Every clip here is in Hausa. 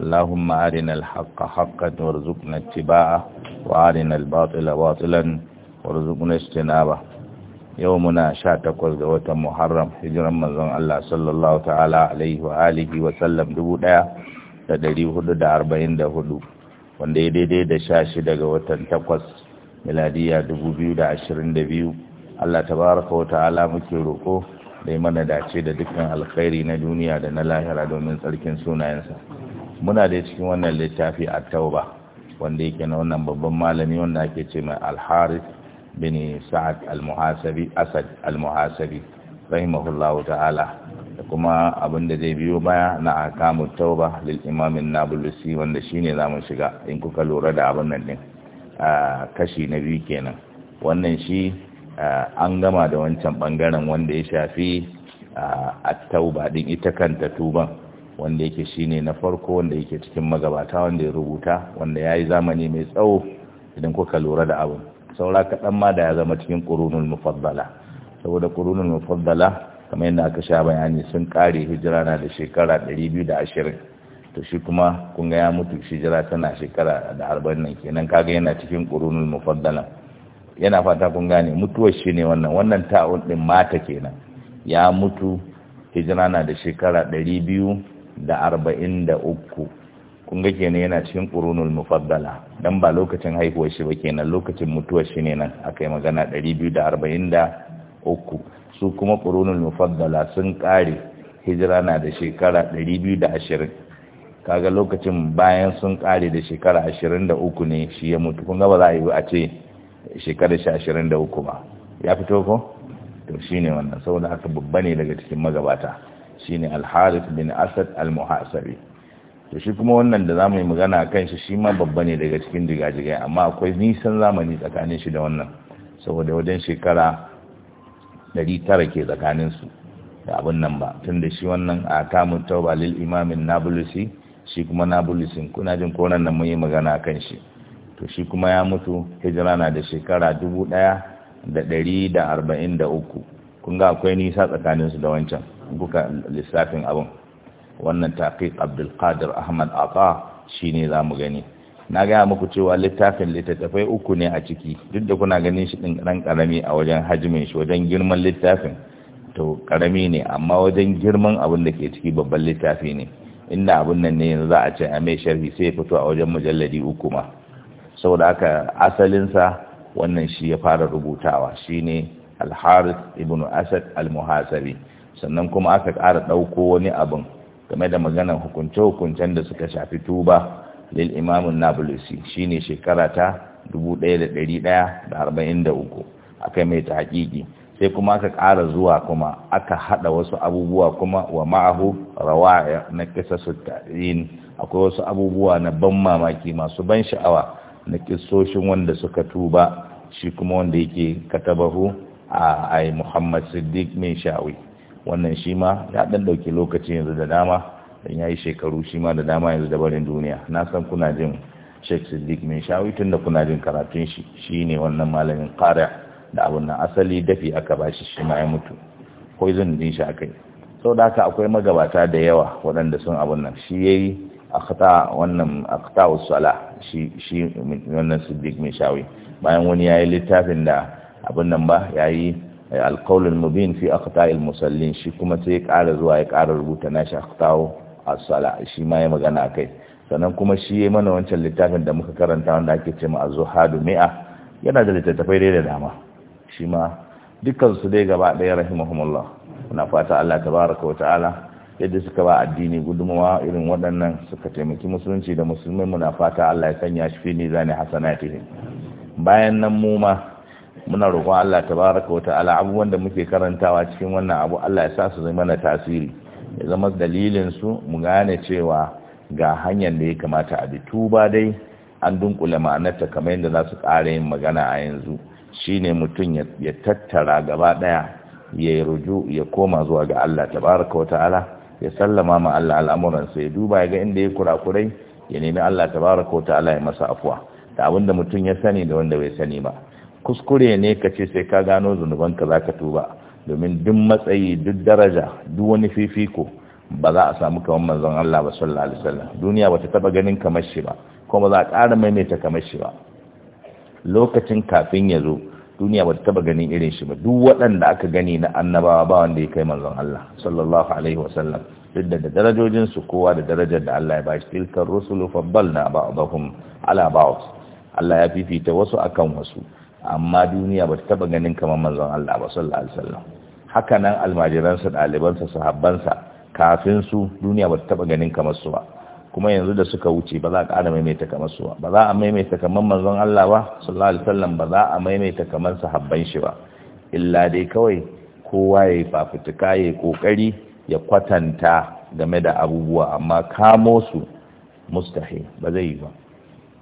اللهم أرنا الحق حقا وارزقنا اتباعه na الباطل yau muna sha يومنا شاتكوز دوات محرم هجرا منزون الله صلى الله تعالى عليه وآله وسلم دبودا تدري هدو دا أربعين دا هدو wanda ya daidai da sha shi daga watan takwas miladiya dubu biyu da ashirin da biyu Allah tabaraka wa ta'ala muke roƙo da mana dace da dukkan alkhairi na duniya da na lahira domin tsarkin sunayensa muna da cikin wannan littafi a tauba wanda yake na wannan babban malami wanda ake ce mai alharis bin sa'ad al-muhasabi asad al-muhasabi rahimahullahu ta'ala da kuma abin da zai biyo baya na akamu tauba lil imam an-nablusi wanda shine zamu shiga in kuka lura da abin nan din kashi na biyu kenan wannan shi an gama da wancan bangaren wanda ya shafi at-tauba din ita kanta tuban wanda yake shine na farko wanda yake cikin magabata wanda ya rubuta wanda ya yi zamani mai tsawo idan kuka lura da abin saura kaɗan ma da ya zama cikin ƙurunin mufaddala saboda ƙurunin mufaddala kamar yadda aka sha bayani sun ƙare hijira na da shekara 220 to shi kuma kun ga ya mutu hijira tana shekara da arba'in nan kenan kaga yana cikin ƙurunin mufaddala yana fata kun gane mutuwar shi ne wannan wannan ta'un ɗin mata kenan ya mutu hijira na da shekara ɗari biyu. da arba'in da uku kun ga kenan yana cikin ƙurunul mufaddala dan ba lokacin haihuwar shi ba kenan lokacin mutuwar shi ne nan yi magana ɗari biyu da arba'in da uku su kuma ƙurunul mufaddala sun ƙare hijira na da shekara ɗari biyu da ashirin kaga lokacin bayan sun ƙare da shekara ashirin da uku ne shi ya mutu kun ga ba za a yi a ce shekara shi ashirin da uku ba ya fito ko to shine wannan saboda haka babba ne daga cikin magabata Shi ne alharif bin asad al-muhasabi to shi kuma wannan da zamu yi magana kan shi shi ma babba ne daga cikin jigajigai amma akwai nisan zamani tsakanin shi da wannan saboda wajen shekara 900 ke tsakanin su da abin nan ba tunda shi wannan a kamun tauba lil imamin nabulusi shi kuma nabulusin kuna jin ko nan mun yi magana kan shi to shi kuma ya mutu hijira na da shekara dubu ɗaya da da da ɗari arba'in uku. kun ga akwai nisa tsakaninsu da wancan kuka lissafin abin wannan taqiq abdul qadir ahmad ata shine zamu gani na gaya muku cewa littafin littattafai uku ne a ciki duk da kuna ganin shi ɗin ɗan ƙarami a wajen hajjimin shi wajen girman littafin to ƙarami ne amma wajen girman abin da ke ciki babban littafi ne inda abin nan ne yanzu za a ce a mai sharhi sai ya fito a wajen mujalladi uku ma saboda haka asalinsa wannan shi ya fara rubutawa shine al ibn asad al sannan kuma aka ƙara ɗauko wani abin game da maganar hukunce-hukuncen da suka shafi tuba lil imamun nablusi shine shekara ta 1143 aka mai ta hakiki sai kuma aka ƙara zuwa kuma aka haɗa wasu abubuwa kuma wa ma'ahu rawaya na kisasu ta'in akwai wasu abubuwa na ban mamaki masu ban sha'awa na kisoshin wanda suka tuba shi kuma wanda yake katabahu a ai Muhammad Siddiq mai sha'awi wannan shi ma ya dan dauki lokaci yanzu da dama dan yayi shekaru shi ma da dama yanzu da barin duniya na san kuna jin Sheikh Siddiq mai sha'awi da kuna jin karatun shi shine wannan malamin qari da abun nan asali dafi aka bashi shi ma ya mutu poison din shi akai sau da haka akwai magabata da yawa waɗanda sun abun nan shi yayi akhta wannan akhta usala shi shi wannan Siddiq mai sha'awi bayan wani ya yi littafin da abin nan ba ya yayi eh, alkaulin mubin fi aqta'il musallin shi kuma sai ya ƙara zuwa ya ƙara rubuta nashi aqta'u as-sala shi ma ya magana akai sannan kuma shi ya mana wancan littafin da muka karanta wanda ake ce ma az-zuhadu mi'a yana da littattafai da dama shi ma dukkan su dai gaba ɗaya rahimahumullah muna fata Allah tabaraka wa ta'ala yadda suka ba addini gudumawa irin waɗannan suka taimaki musulunci da musulmai muna fata Allah ya sanya shi fi nizani hasanatihim bayan nan mu ma muna roƙon Allah tabaraka wata'ala abubuwan da muke karantawa cikin wannan abu Allah ya sa su zai mana tasiri ya zama dalilin su mu gane cewa ga hanyar da ya kamata a bi tuba dai an dunkule ma'anarta kamar yadda za su ƙara yin magana a yanzu shine mutum ya tattara gaba ɗaya ya yi ruju ya koma zuwa ga Allah tabaraka wata'ala ya sallama ma Allah al'amuransa ya duba ya ga inda ya kurakurai ya nemi Allah tabaraka wata'ala ya masa afuwa da abinda mutum ya sani da wanda bai sani ba kuskure ne ka ce sai ka gano zunubanka za ka tuba domin duk matsayi duk daraja duk wani fifiko ba za a samu kamar manzon Allah ba sallallahu alaihi wasallam duniya ba ta taba ganin kamar shi ba kuma za a ƙara maimaita kamar shi ba lokacin kafin ya zo duniya ba ta taba ganin irin shi ba duk waɗanda aka gani na annabawa ba wanda ya kai manzon Allah sallallahu alaihi wasallam duk da darajojin su kowa da darajar da Allah ya bashi tilkar rusulu faddalna ba'dahum ala ba'd Allah ya fifita wasu akan wasu amma duniya ba ta taba ganin kamar manzon Allah ba sallallahu alaihi wasallam haka nan su sahabban sa kafin su duniya ba ta taba ganin kamar su ba kuma yanzu da suka wuce ba za a ƙara maimaita kamar su ba ba za a maimaita kamar manzon Allah ba sallallahu alaihi wasallam ba za a maimaita kamar sahabban shi ba illa dai kawai kowa ya yi fafutuka ya yi kokari ya kwatanta game da abubuwa amma kamo su mustahi ba zai yi ba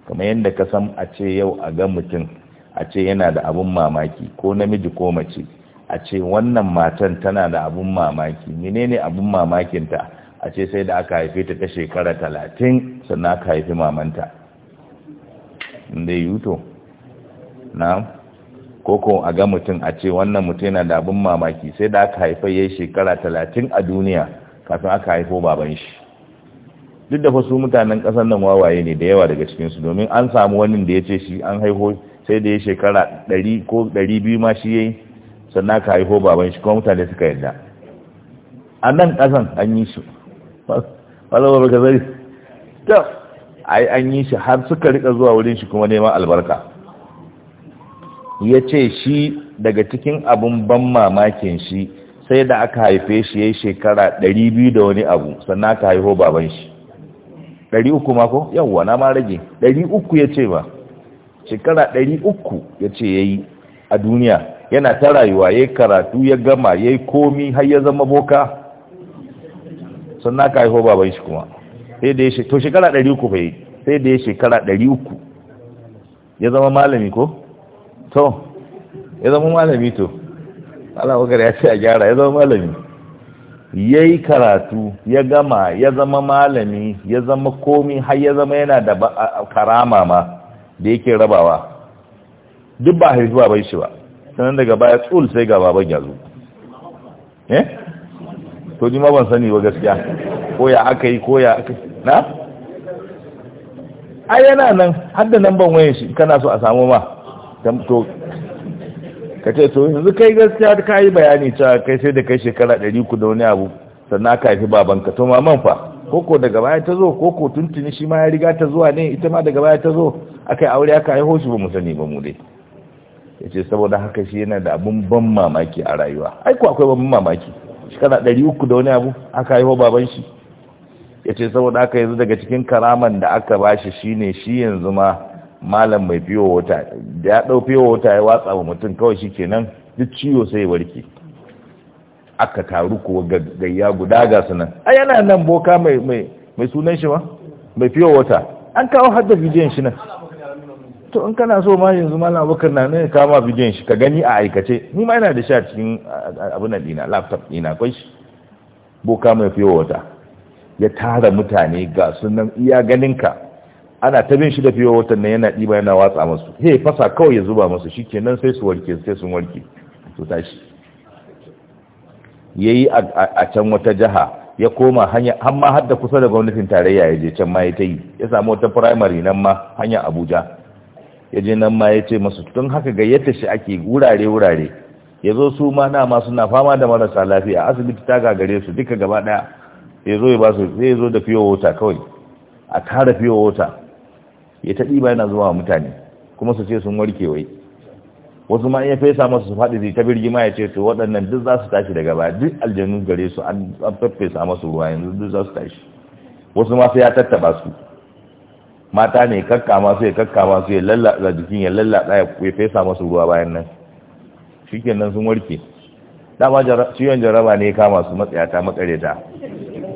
kamar yadda ka san a ce yau a ga mutum a ce yana da abun mamaki ko namiji ko mace a ce wannan matan tana da abun mamaki menene abun mamakinta a ce sai da aka haife ta ta shekara talatin sannan aka haifi mamanta inda yi yuto na koko a ga mutum a ce wannan mutum yana da abun mamaki sai da aka haifa ya shekara talatin a duniya kafin aka haifo baban shi duk da fasu mutanen ƙasar nan wawaye ne da yawa daga cikinsu domin an samu wani da ya ce shi an haiho sai da ya shekara ɗari ko ɗari biyu ma shi ya yi sannan ka haifo baban shi kuma mutane suka yarda a nan ƙasan an yi shi ba ka zari to ai an yi shi har suka rika zuwa wurin shi kuma neman albarka ya ce shi daga cikin abun ban mamakin shi sai da aka haife shi ya yi shekara ɗari biyu da wani abu sannan ka haifo baban shi ɗari uku ko? yawwa na ma rage ɗari uku ya ce ba shekara ɗari uku ya ce ya yi a duniya yana ta rayuwa ya karatu ya gama ya komi har ya zama boka sannan ka haifo baban shi kuma to shekara ɗari uku bai sai da ya shekara ɗari uku ya zama malami ko? to ya zama malami to alamakar ya ce a gyara ya zama malami ya yi karatu ya gama ya zama malami ya zama komi har ya zama yana da karama ma da yake rabawa duk ba haifi bai shi ba sannan daga baya tsul sai ga baban ya zo eh to ji ban sani ba gaskiya ko ya aka yi ko ya aka na ai yana nan har da nan ban waye shi kana so a samu ma to ka ce to yanzu kai gaskiya ka yi bayani cewa kai sai da kai shekara 300 da wani abu sannan ka haifi babanka to maman fa koko daga baya ta zo koko tuntuni shi ma ya riga ta zuwa ne ita ma daga baya ta zo aka yi aure aka haihu shi ba mu sani ba mu dai ya ce saboda haka shi yana da abin ban mamaki a rayuwa aiko akwai ban mamaki shekara ɗari uku da wani abu aka haihu baban shi ya ce saboda haka yanzu daga cikin karaman da aka ba shi shine shi yanzu ma malam mai fiyo wata da ya ɗau fiyo wata ya watsa wa mutum kawai shi kenan duk ciwo sai ya warke aka taru kuwa gayya guda ga sunan a yana nan boka mai sunan shi ma mai fiye wata an kawo hadda bidiyon shi nan to in kana so ma yanzu malam abubakar na nan kama bidiyon shi ka gani a aikace ni ma yana da shi a cikin abin dina laptop dina akwai shi boka mai fiye wata ya tara mutane ga sunan iya ganinka ana ta bin shi da fiye wata nan yana diba yana watsa masu he fasa kawai ya zuba masu shi kenan sai su warke sai sun warke to tashi ya yi a can wata jiha ya koma hanya har har da kusa da gwamnatin tarayya ya je can ma ya ta yi ya samu wata firamare nan ma hanya abuja ya je nan ma ya ce masu tun haka gayyata shi ake wurare-wurare ya zo su ma na suna fama da marasa lafiya asibiti ta gagare su duka gaba daya ya zo ya ba su zai zo da fiye wota kawai a kara fiye wota ya ta ɗiba yana zuwa mutane kuma su ce sun warke wai wasu ma iya fesa masu su faɗi zai ta ma ya ce to waɗannan duk za su tashi daga baya duk aljanu gare su an fesa masu ruwa yanzu duk za su tashi wasu ma sai ya tattaba su mata ne kakka su, ya kakka su, ya lallaɗa jikin ya lallaɗa ya fesa masu ruwa bayan nan shi nan sun warke dama ciwon jaraba ne ya kama su matsayata ta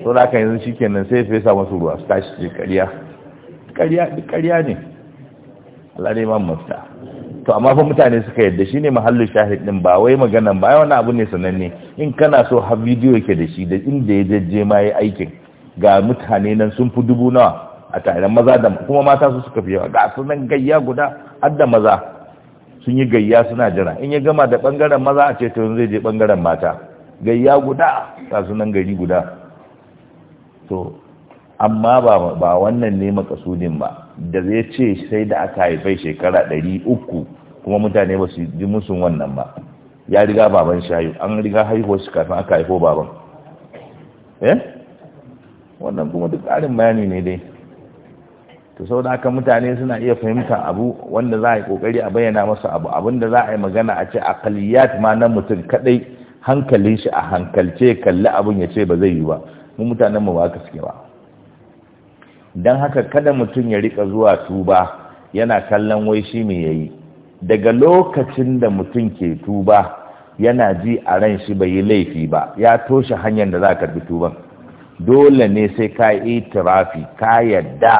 to da aka yanzu shi nan sai fesa masu ruwa su tashi ce ƙarya ƙarya ne Allah ne man mafita to amma fa mutane suka yadda shine mahallin shahid din ba wai magana ba wani abu ne sananne in kana so har bidiyo yake da shi da inda ya jajje ma aikin ga mutane nan sun fi dubu nawa a tare maza da kuma mata su suka fi yawa ga su nan gayya guda har maza sun yi gayya suna jira in ya gama da bangaren maza a ce to zai je bangaren mata gayya guda ga su gari guda to amma ba wannan ne makasudin ba da zai ce sai da aka haifai shekara ɗari uku kuma mutane ba su ji musun wannan ba ya riga baban shayu an riga haihuwar shi kafin aka haifo baban eh wannan kuma duk ƙarin bayani ne dai to sau da aka mutane suna iya fahimta abu wanda za a yi kokari a bayyana masa abu abin da za a yi magana a ce akaliyat ma na mutum kadai hankalin shi a hankalce kalli abun ya ce ba zai yi ba mu mutanen mu ba ka suke ba don haka kada mutum ya rika zuwa tuba yana kallon wai shi me yayi daga lokacin da mutum ke tuba yana ji a ran shi bai yi laifi ba ya toshe hanyar da za ka karbi tuban dole ne sai ka yi tirafi ka yadda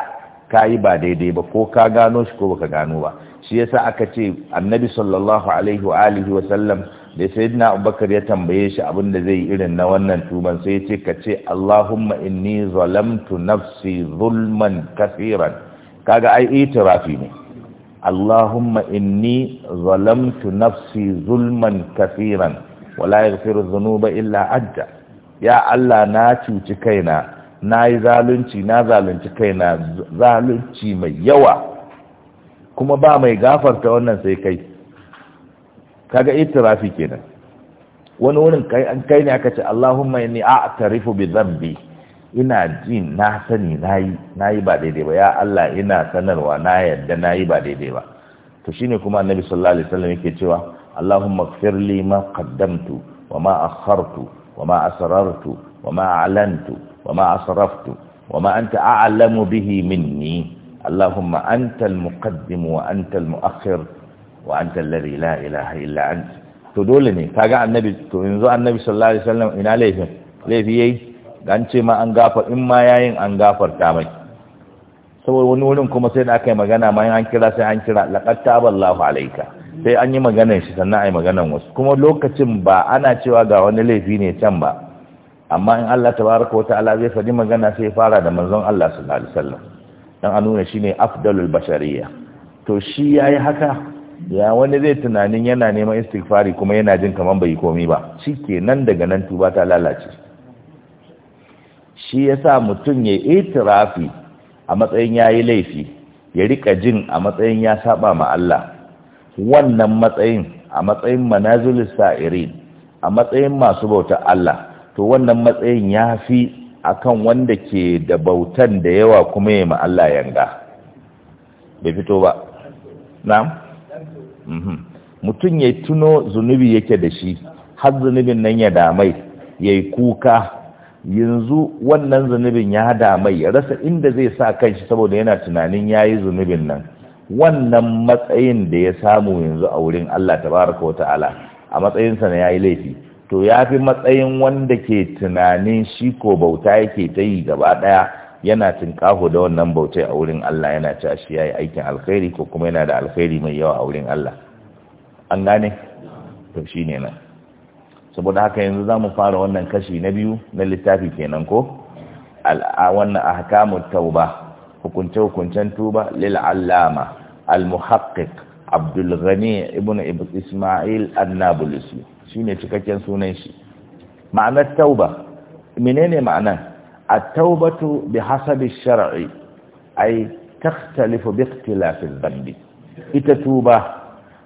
ka yi ba daidai ba ko ka gano shi ko baka gano ba shi yasa aka ce annabi sallallahu alaihi wa alihi wa sallam da sayyidina abubakar ya tambaye shi abin da zai irin na wannan tuban sai ya ce ka ce allahumma inni zalamtu nafsi zulman kafiran kaga ai itirafi ne allahumma inni zalamtu nafsi zulman kafiran wala yaghfiru dhunuba illa anta ya allah na cuci kaina na yi zalunci na zalunci kaina zalunci mai yawa kuma ba mai gafarta wannan sai kai kaga itirafi kenan wani wurin kai an kai ne aka ce Allahumma inni a'tarifu bi dhanbi ina jin na sani nayi nayi ba daidai ba ya Allah ina sanarwa na yadda nayi ba daidai ba to shine kuma annabi sallallahu alaihi wasallam yake cewa Allahumma ighfir li ma qaddamtu wa ma akhartu wa ma asrartu wa ma a'lantu wa ma asraftu wa ma anta a'lamu bihi minni Allahumma antal muqaddim wa antal muakhir wa anta alladhi la ilaha illa anta to dole ne kaga annabi to yanzu annabi sallallahu alaihi wasallam ina laifin laifi yayi dan ce ma an gafar in ma yayin an gafar ta mai saboda wani wurin kuma sai da aka yi magana ma an kira sai an kira laqad Allahu alayka sai an yi maganar shi sannan ai maganar wasu kuma lokacin ba ana cewa ga wani laifi ne can ba amma in Allah tabaraka ta'ala zai faɗi magana sai fara da manzon Allah sallallahu alaihi wasallam dan a nuna shine afdalul bashariyya to shi yayi haka ya wani zai tunanin yana neman istighfari kuma yana jin kamar bai komi ba nan daga nan tuba ta lalace shi yasa mutum ya itirafi a matsayin yayi laifi ya rika jin a matsayin ya saba ma Allah wannan matsayin a matsayin manazilis sa'irin a matsayin masu bauta Allah to wannan matsayin ya fi akan wanda ke da bautan da yawa kuma ya ma Allah yanga bai fito ba na'am Mhm. mutum ya tuno zunubi yake da shi har zunubin nan ya damai ya yi kuka yanzu wannan zunubin ya damai ya rasa inda zai sa kan shi saboda yana tunanin ya yi zunubin nan wannan matsayin da ya samu yanzu a wurin Allah tabaraka wata'ala a matsayinsa na ya yi laifi to ya fi matsayin wanda ke tunanin shi ko bauta yake ta yi gaba ɗaya yana tunƙaho da wannan bautai a wurin Allah yana ci shi yi aikin alkhairi ko kuma yana da alkhairi mai yawa a wurin Allah an gane to shine nan saboda haka yanzu za mu fara wannan kashi na biyu na littafi kenan ko A wannan mu tauba hukunce hukuncen tuba lil allama al muhaqqiq abdul ghani ibn isma'il annabulusi shine cikakken sunan shi ma'anar tauba menene ma'anar التوبة بحسب الشرع أي تختلف باختلاف Ita tuba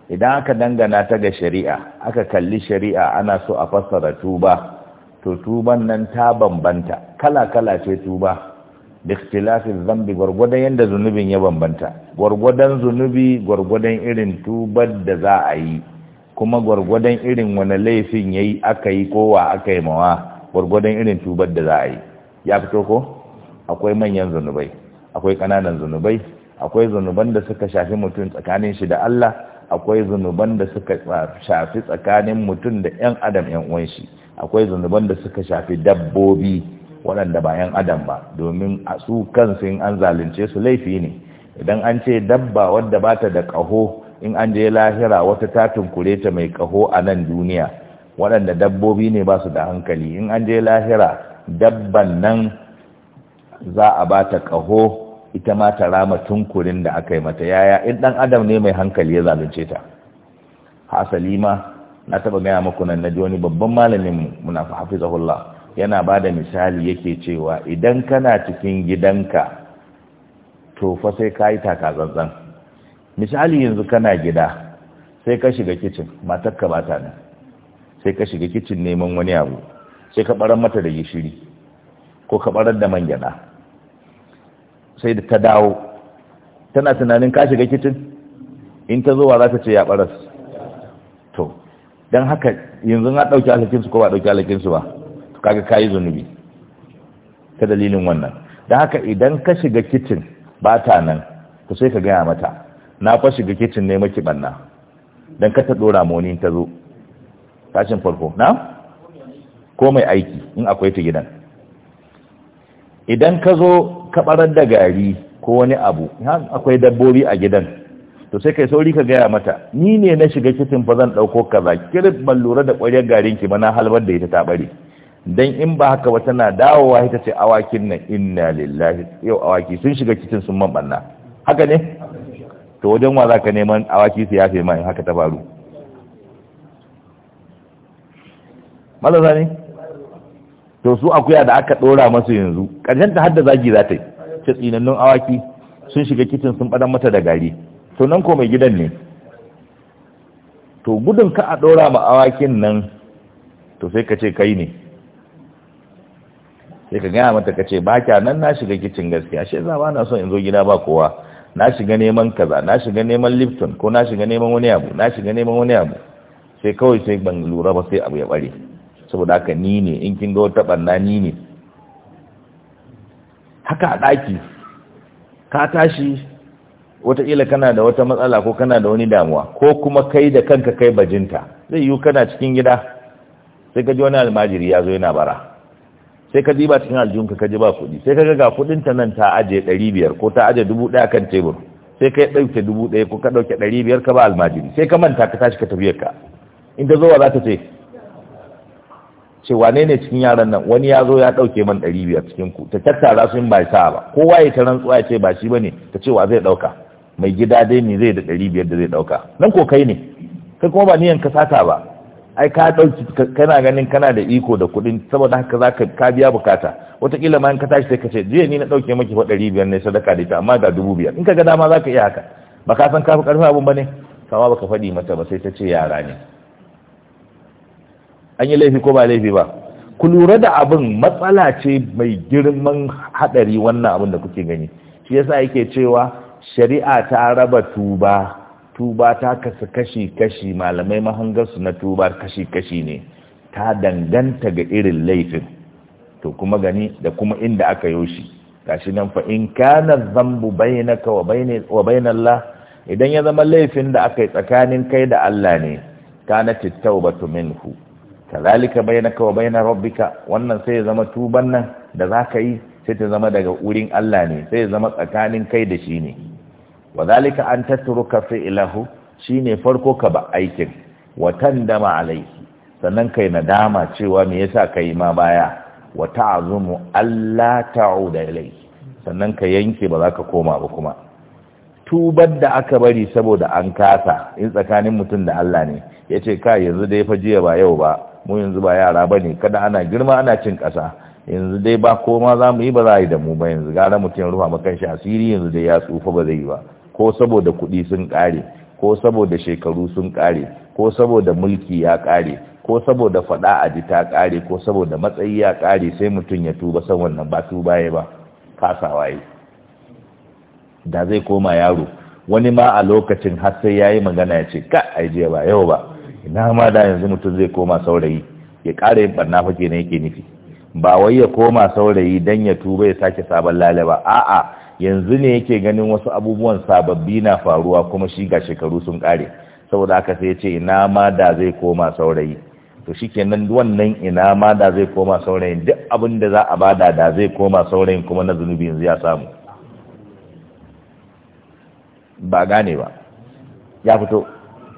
idan aka dangana ta ga shari'a aka kalli shari'a ana so a fassara tuba to tuban nan ta bambanta kala-kala ce tuba da ikhtilafin zambi gwargwadon yadda zunubin ya bambanta gwargwadon zunubi gwargwadon irin tubar da za a yi kuma gwargwadon irin wani laifin ya yi aka yi kowa aka yi mawa irin tubar da za a yi ya fito ko akwai manyan zunubai akwai kananan zunubai akwai zunuban da suka shafi mutum tsakanin shi da Allah akwai zunuban da suka shafi tsakanin mutum da ƴan adam ƴan uwan shi akwai zunuban da suka shafi dabbobi waɗanda ba ƴan adam ba domin a su kansu in an zalunce su laifi ne idan an ce dabba wadda ba ta da ƙaho in an je lahira wata ta tunkure ta mai ƙaho a nan duniya waɗanda dabbobi ne ba su da hankali in an je lahira dabban nan za a ba ta ƙaho ita ma ta rama tunkurin da aka yi mata yaya in ɗan adam ne mai hankali ya zalunce ta hasali ma na taɓa gaya muku nan na wani babban malamin muna hafizahullah yana ba da misali yake cewa idan kana cikin gidanka to fa sai ka yi zanzan misali yanzu kana gida sai ka shiga kicin matakka ba ta nan sai ka shiga kicin neman wani abu sai ka barar mata da gishiri ko ka barar da mangyana sai da ta dawo tana tunanin ka shiga kicin in ta zo wa za ta ce ya baras to don haka yanzu na ɗauki alakinsu ko ba ɗauki alakinsu ba to kaga ka yi zunubi ta dalilin wannan don haka idan ka shiga kicin ba ta nan to sai ka gaya mata na fa shiga kicin ne maki banna don ka ta ɗora moni ta zo tashin farko na? ko mai aiki in akwai ta gidan idan ka zo ka barar da gari ko wani abu akwai dabbobi a gidan to sai kai sauri ka gaya mata ni ne na shiga kitin fa zan dauko kaza kirib ban lura da ƙwariyar garin ki ba na halbar da ita ta bare dan in ba haka ba tana dawowa ita ce awakin nan inna lillahi yau awaki sun shiga kitin sun man banna haka ne to wajen wa zaka neman awaki su yafe mai in haka ta faru malaka ne to su akuya da aka ɗora masu yanzu ƙarshen ta hadda zagi za ta yi ce tsinannun awaki sun shiga kicin sun ɓadan mata da gari to nan ko mai gidan ne to gudun ka a ɗora ma awakin nan to sai ka ce kai ne sai ka gaya mata ka ce ba kya nan na shiga kicin gaskiya shi za ba na son in zo gida ba kowa na shiga neman kaza na shiga neman lifton ko na shiga neman wani abu na shiga neman wani abu sai kawai sai ban lura ba sai abu ya bare saboda haka ni ne in kin ga wata barna ni ne haka a daki ka tashi wataƙila kana da wata matsala ko kana da wani damuwa ko kuma kai da kanka kai bajinta zai yiwu kana cikin gida sai ka ji wani almajiri ya zo yana bara sai ka ba cikin aljihunka ka ji ba kuɗi sai ka ga kuɗin ta nan ta aje ɗari biyar ko ta aje dubu ɗaya kan tebur sai ka ɗauke dubu ɗaya ko ka ɗauke ɗari biyar ka ba almajiri sai ka manta ka tashi ka tafiyar ka in ta zo wa za ta ce ce wane ne cikin yaran nan wani ya zo ya ɗauke man ɗari biyar cikin ku ta tattara sun ba sa ba kowa ya ta rantsuwa ya ce ba shi bane ta ce wa zai ɗauka mai gida dai ne zai da ɗari biyar da zai ɗauka nan ko kai ne kai kuma ba niyan ka sata ba ai ka ɗauki kana ganin kana da iko da kuɗin saboda haka za ka biya bukata wataƙila ma in ka tashi sai ka ce jiya ni na ɗauke maki fa ɗari biyar ne sadaka da ita amma ga dubu biyar in ka ga dama za ka iya haka ba ka san ka fi ƙarfin abin ba ne kama baka faɗi mata ba sai ta ce yara ne an yi laifi ko ba laifi ba ku lura da abin matsala ce mai girman hadari wannan abin da kuke gani shi yasa yake cewa shari'a ta raba tuba tuba ta kasu kashi-kashi malamai mahangarsu na tuba kashi-kashi ne ta danganta ga irin laifin to kuma gani da kuma inda aka yo shi gashi nan fa in kana zambu bainaka wa bain wa idan ya zama laifin da aka yi tsakanin kai da Allah ne kana tawbatu minhu kazalika bainaka wa baina rabbika wannan sai ya zama tuban nan da zaka yi sai ta zama daga wurin Allah ne sai ya zama tsakanin kai da shi ne wa zalika an tatruka ilahu shine farko ka ba aikin wa tandama sannan kai nadama cewa me yasa kai ma baya wa ta'zumu alla ta'uda ilaihi sannan ka yanke ba za ka koma ba kuma tubar da aka bari saboda an kasa in tsakanin mutum da Allah ne yace ka yanzu dai fa jiya ba yau ba mu yanzu ba yara ba ne kada ana girma ana cin ƙasa yanzu dai ba koma za mu yi ba za a yi da mu ba yanzu gara mutum rufa makan shi asiri yanzu dai ya tsufa ba zai yi ba ko saboda kuɗi sun ƙare ko saboda shekaru sun ƙare ko saboda mulki ya ƙare ko saboda faɗa a ji ta ƙare ko saboda matsayi ya ƙare sai mutum ya tuba san wannan ba tuba ya ba kasawa yi da zai koma yaro wani ma a lokacin har sai ya yi magana ya ce ka jiya ba yau ba ina ma da yanzu mutum zai koma saurayi ya kare yin barna fa kenan yake nufi ba wai ya koma saurayi dan ya tuba ya sake sabon lale ba a'a yanzu ne yake ganin wasu abubuwan sababbi na faruwa kuma shi ga shekaru sun kare saboda haka sai ya ce ina ma da zai koma saurayi to shikenan wannan ina ma da zai koma saurayi duk abin da za a bada da zai koma saurayin kuma na zunubi yanzu ya samu ba gane ba ya fito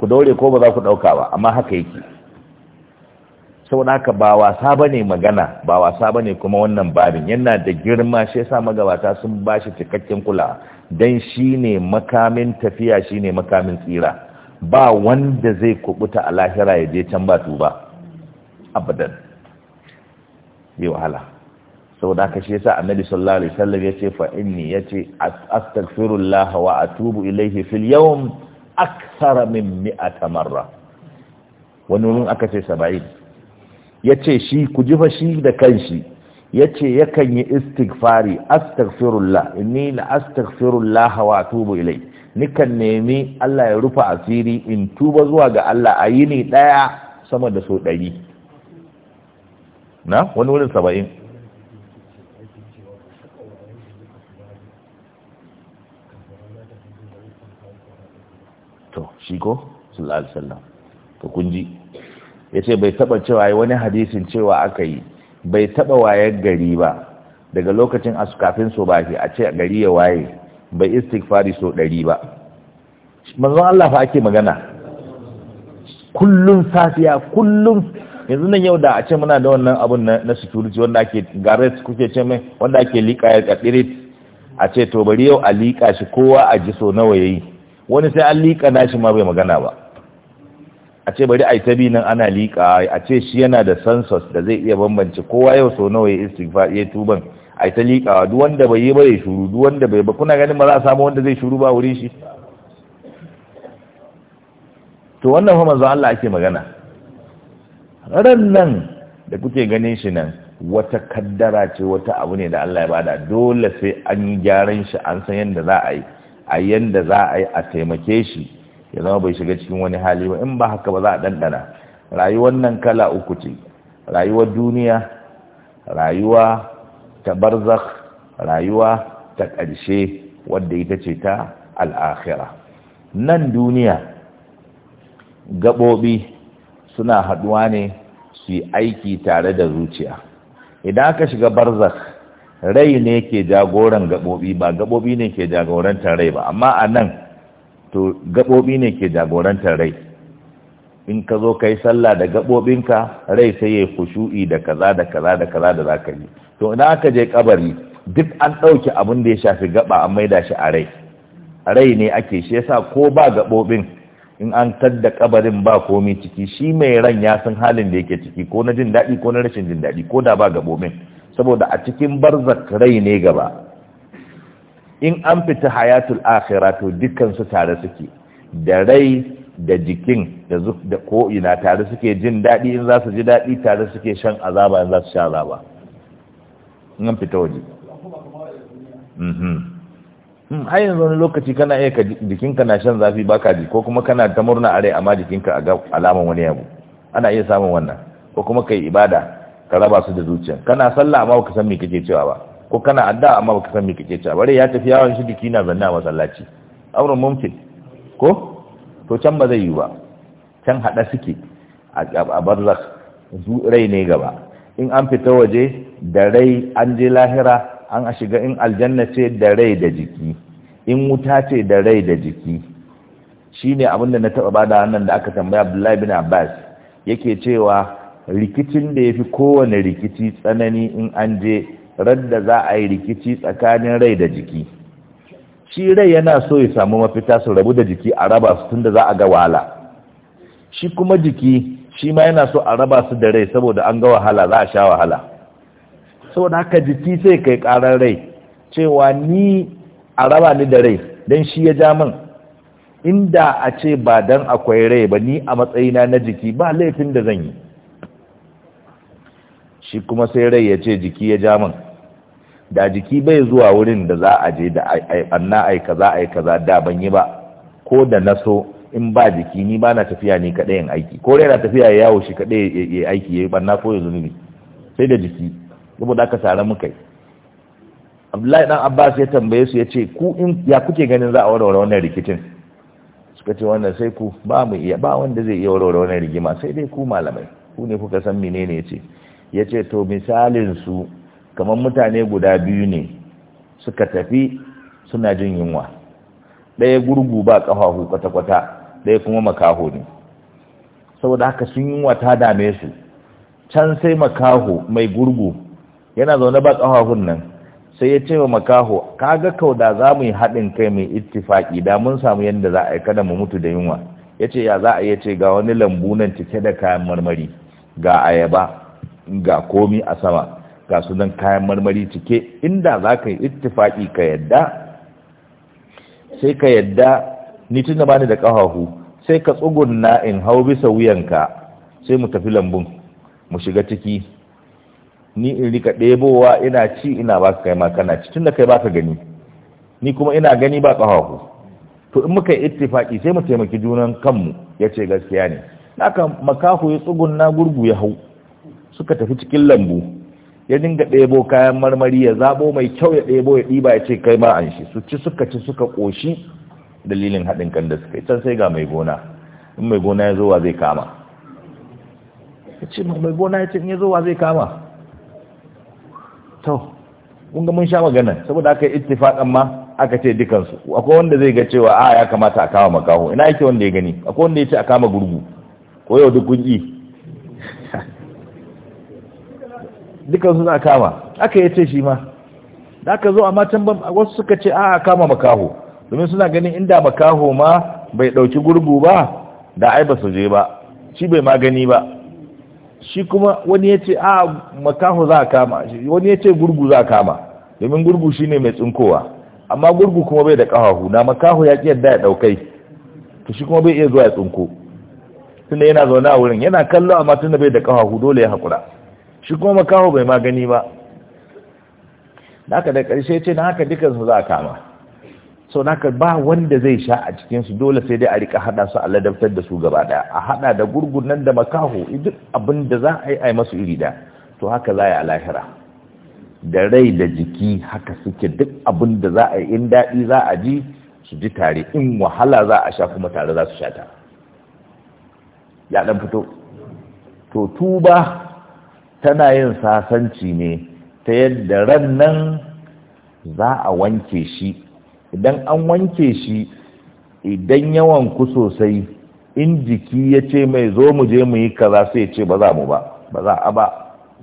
ku daure ko ba za ku ɗauka ba amma haka yake saboda haka ba wasa ba magana ba wasa ba ne kuma wannan babin yana da girma shi yasa magabata sun ba shi cikakken kula Dan shi ne makamin tafiya shi ne makamin tsira ba wanda zai kubuta a lahira ya je can ba tuba abadan yi wahala saboda haka shi yasa annabi sallallahu alaihi wasallam yace fa inni yace astaghfirullah wa atubu ilaihi fil yawm aksara min mi'ata marra wani wurin aka ce saba'in ya ce shi ku jifa shi da kanshi ya ce yakan yi istighfari astaghfirullah inni la astaghfirullah wa tubu ilai nikan nemi Allah ya rufe asiri in tuba zuwa ga Allah a yini daya sama da so ɗari na wani wurin saba'in shi ko sallallahu alaihi to kun yace bai taba cewa wani hadisin cewa aka yi bai taba wayar gari ba daga lokacin asu kafin so baki a ce gari ya waye bai istighfari so ɗari ba manzon Allah fa ake magana kullun safiya kullun yanzu nan yau da a ce muna da wannan abun na security wanda ake garret kuke ce mai wanda ake liƙa ya kaddirit a ce to bari yau a liƙa shi kowa a ji so nawa yayi wani sai an liƙa nashi ma bai magana ba a ce bari a yi tabi nan ana liƙa a ce shi yana da sansos da zai iya bambance kowa yau sau nawa ya istighfar ya tuban a yi ta liƙawa duk wanda bai yi ba ya shuru duk wanda bai ba kuna ganin ba za a samu wanda zai shuru ba wuri shi to wannan fa manzo Allah ake magana ran nan da kuke ganin shi nan wata kaddara ce wata abu ne da Allah ya bada dole sai an gyaran shi an san yadda za a yi a yanda za a yi a taimake shi ya zama bai shiga cikin wani hali ba in ba haka ba za a ɗanɗana rayuwar nan kala uku ce rayuwar duniya rayuwa ta barzak rayuwa ta ƙarshe wadda ita ce ta al'akhira nan duniya gaɓoɓi suna haɗuwa ne su yi aiki tare da zuciya idan aka shiga barzak. rai ne ke jagoran gaɓoɓi ba gaɓoɓi ne ke jagorantar rai ba amma a nan to gaɓoɓi ne ke jagorantar rai in ka zo ka yi sallah da gaɓoɓinka rai sai ya kushu'i da kaza da kaza da kaza da za yi to ina aka je kabari duk an ɗauki abin da ya shafi gaɓa an maida shi a rai rai ne ake shi yasa ko ba gaɓoɓin in an tadda kabarin ba komi ciki shi mai ran ya san halin da yake ciki ko na jin daɗi ko na rashin jin daɗi ko da ba gaɓoɓin saboda a cikin barzak rai ne gaba in an fita hayatul akhirah to dukkan su tare suke da rai da jikin da da ko ina tare suke jin dadi in za su ji dadi tare suke shan azaba in za su sha azaba in an fita waje mhm hmm, har yanzu wani lokaci kana iya ka jikinka na shan zafi baka ji ko kuma kana ta murna a rai amma jikinka a alaman wani yabo ana iya samun wannan ko kuma kai ibada ka raba su da zuciya kana sallah amma baka san me kake cewa ba ko kana addu'a amma baka san me kake cewa bare ya tafi yawon shi diki na zanna masallaci auren mumkin ko to can ba zai yi ba can hada suke a barzakh rai ne gaba in an fita waje da rai an je lahira an a shiga in aljanna ce da rai da jiki in wuta ce da rai da jiki shine abinda na taba bada wannan da aka tambaya Abdullahi bin Abbas yake cewa rikicin da ya fi kowane rikici tsanani in an je radda za a yi rikici tsakanin rai da jiki shi rai yana so ya samu mafita su rabu da jiki a raba su tunda za a ga wahala shi kuma jiki shi ma yana so a raba su da rai saboda an ga wahala za a sha wahala saboda haka jiki sai kai karar rai cewa ni a raba ni da rai don shi ya ja min inda a ce ba don akwai rai ba ni a matsayina na jiki ba laifin da zan yi shi kuma sai rai ya ce jiki ya ja min da jiki bai zuwa wurin da za a je da anna ai kaza ai kaza da ban yi ba ko da na so in ba jiki ni ba na tafiya ni kaɗai in aiki ko rai na tafiya ya yawo shi kadai ya aiki ya yi banna ko ya zunubi sai da jiki saboda aka sare muka yi abdullahi dan abbas ya tambaye su ya ce ku in ya kuke ganin za a warware wannan rikicin suka ce wannan sai ku ba mu iya ba wanda zai iya warware wannan rigima sai dai ku malamai ku ne kuka san menene ya ce ya ce to su kamar mutane guda biyu ne suka tafi suna jin yunwa ɗaya gurgu ba ƙafafu kwata-kwata ɗaya kuma makaho ne saboda haka sun yunwa ta dame su can sai makaho mai gurgu yana zaune ba ƙafafun nan sai ya ce wa makaho kaga kau da za mu yi haɗin kai mai ittifaƙi da mun samu yadda za a yi kada mu mutu da yunwa ya ce ya za a yi ce ga wani lambu nan cike da kayan marmari ga ayaba ga komi a sama ga su nan kayan marmari cike inda za ka yi ittifaki ka yadda sai ka yadda ni tun da bani da ƙafafu sai ka tsugunna in hau bisa wuyanka sai mu tafi lambun mu shiga ciki ni in rika ɗebowa ina ci ina ba ka kai ma kana ci tun da kai ba ka gani ni kuma ina gani ba ƙafafu to in muka yi ittifaki sai mu taimaki junan kanmu ya ce gaskiya ne haka makahu ya tsugunna gurgu ya hau suka tafi cikin lambu ya dinga ɗebo kayan marmari ya zaɓo mai kyau ya ɗebo ya ɗiba ya ce kai ma an shi su ci suka ci suka ƙoshi dalilin haɗin kan da suka yi can sai ga mai gona in mai gona ya zo wa zai kama ya ce mai gona ya ce in ya zo wa zai kama to kun ga mun sha magana saboda aka yi ittifaƙan ma aka ce dukansu akwai wanda zai ga cewa a ya kamata a kama makaho ina yake wanda ya gani akwai wanda ya ce a kama gurgu ko yau duk kun yi dukan suna kama aka yace shi ma da aka zo amma can wasu suka ce a kama makaho domin suna ganin inda makaho ma bai dauki gurgu ba da ai ba su je ba shi bai magani ba shi kuma wani ya ce a makaho za a kama wani ya ce gurgu za a kama domin gurgu shine mai tsinkowa amma gurgu kuma bai da ƙahahu na makaho ya ƙi yadda ya ɗaukai to shi kuma bai iya zuwa ya tsinko tunda yana zaune a wurin yana kallo amma tunda bai da ƙahahu dole ya haƙura shi kuma makaho bai magani ba da aka da ƙarshe ce na haka dukansu za a kama Sau na ba wanda zai sha a cikinsu dole sai dai a rika hada su a ladabtar da su gaba daya a hada da gurgunan da makaho duk abin da za a yi a yi masu iri da to haka za a yi a lahira da rai da jiki haka suke duk abin da za a yi in daɗi za a ji su ji tare in wahala za a sha kuma tare za su sha ta ya fito to tuba tana yin sasanci ne ta yadda ran nan za a wanke shi idan an wanke shi idan yawan ku sosai in jiki ya ce mai zo mu je mu yi kaza sai ce ba za mu ba ba za a ba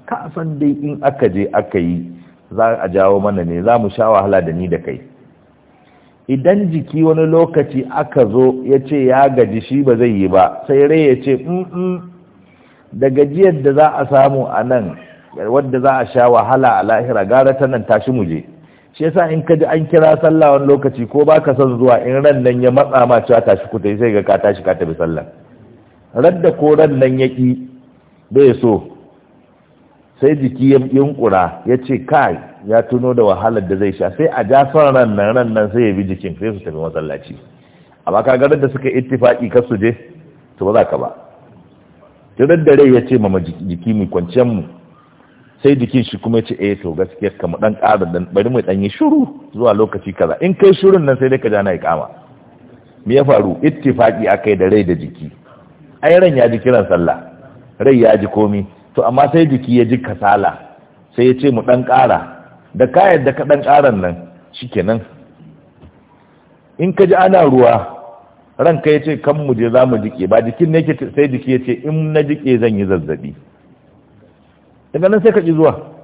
ka dai in aka je aka yi za a jawo mana ne za mu sha wahala da ni da kai idan jiki wani lokaci aka zo ya ce ya gaji shi ba zai yi ba sai rai ya ce mm, mm. da gajiyar da za a samu a nan wadda za a sha wahala a lahira gara ta nan tashi mu je shi yasa in ka ji an kira sallah wani lokaci ko ba ka son zuwa in ran nan ya matsa ma cewa tashi ku sai ga ka tashi ka tafi sallah radda ko ran nan ya ki bai so sai jiki ya yunkura ya ce kai ya tuno da wahalar da zai sha sai a ja son ran nan ran nan sai ya bi jikin sai su tafi masallaci amma ka ga da suka ittifaki kar su je to ba za ka ba tirar da rai ya ce ma jiki mai kwanciyar mu sai jikin shi kuma ce eh to gaskiya kama dan ƙara dan bari mu dan yi shiru zuwa lokaci kaza in kai shurun nan sai dai ka jana iqama me ya faru ittifaqi akai da rai da jiki ai ran ya ji kiran sallah rai ya ji komi to amma sai jiki ya ji kasala sai ya ce mu dan ƙara da ka da ka dan ƙaran nan shikenan in ka ji ana ruwa ranka ya ce kan mu je za mu jike ba jikin ne sai jiki ya ce in na jike zan yi zazzabi daga nan sai ka ƙi zuwa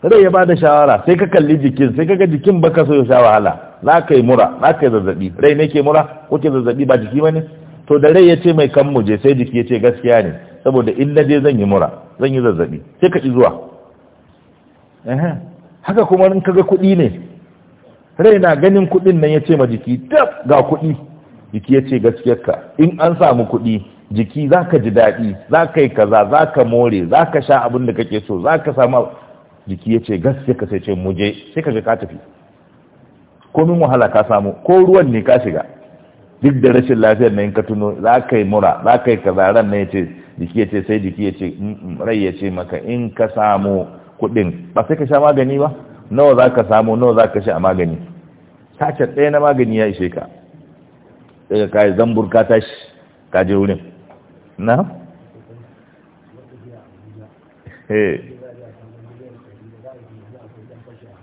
Rai ya bada shawara sai ka kalli jikin sai kaga jikin baka so ya sha wahala za ka yi mura za ka yi zazzabi rai ne ke mura ko ke zazzabi ba jiki ba ne to da rai ya ce mai kan mu je sai jiki ya ce gaskiya ne saboda in na je zan yi mura zan yi zazzabi sai ka ƙi zuwa haka kuma in kaga kuɗi ne rai na ganin kuɗin nan ya ce ma jiki dab ga kuɗi jiki ya ce gaskiyarka in an samu kuɗi jiki za ka ji daɗi za ka yi kaza za ka more za ka sha abin da kake so za ka samu jiki ya ce gaskiyarka sai ce muje sai ka ga ka tafi komin wahala ka samu ko ruwan ne ka shiga duk da rashin lafiyar na in ka tuno za ka yi mura za ka yi kaza ran na ya ce jiki ya ce sai jiki ya ce rai ya ce maka in ka samu kuɗin ba sai ka sha magani ba nawa za ka samu nawa za ka sha a magani sace ɗaya na magani ya ishe ka daga kayi zambur ka tashi ka wurin na eh.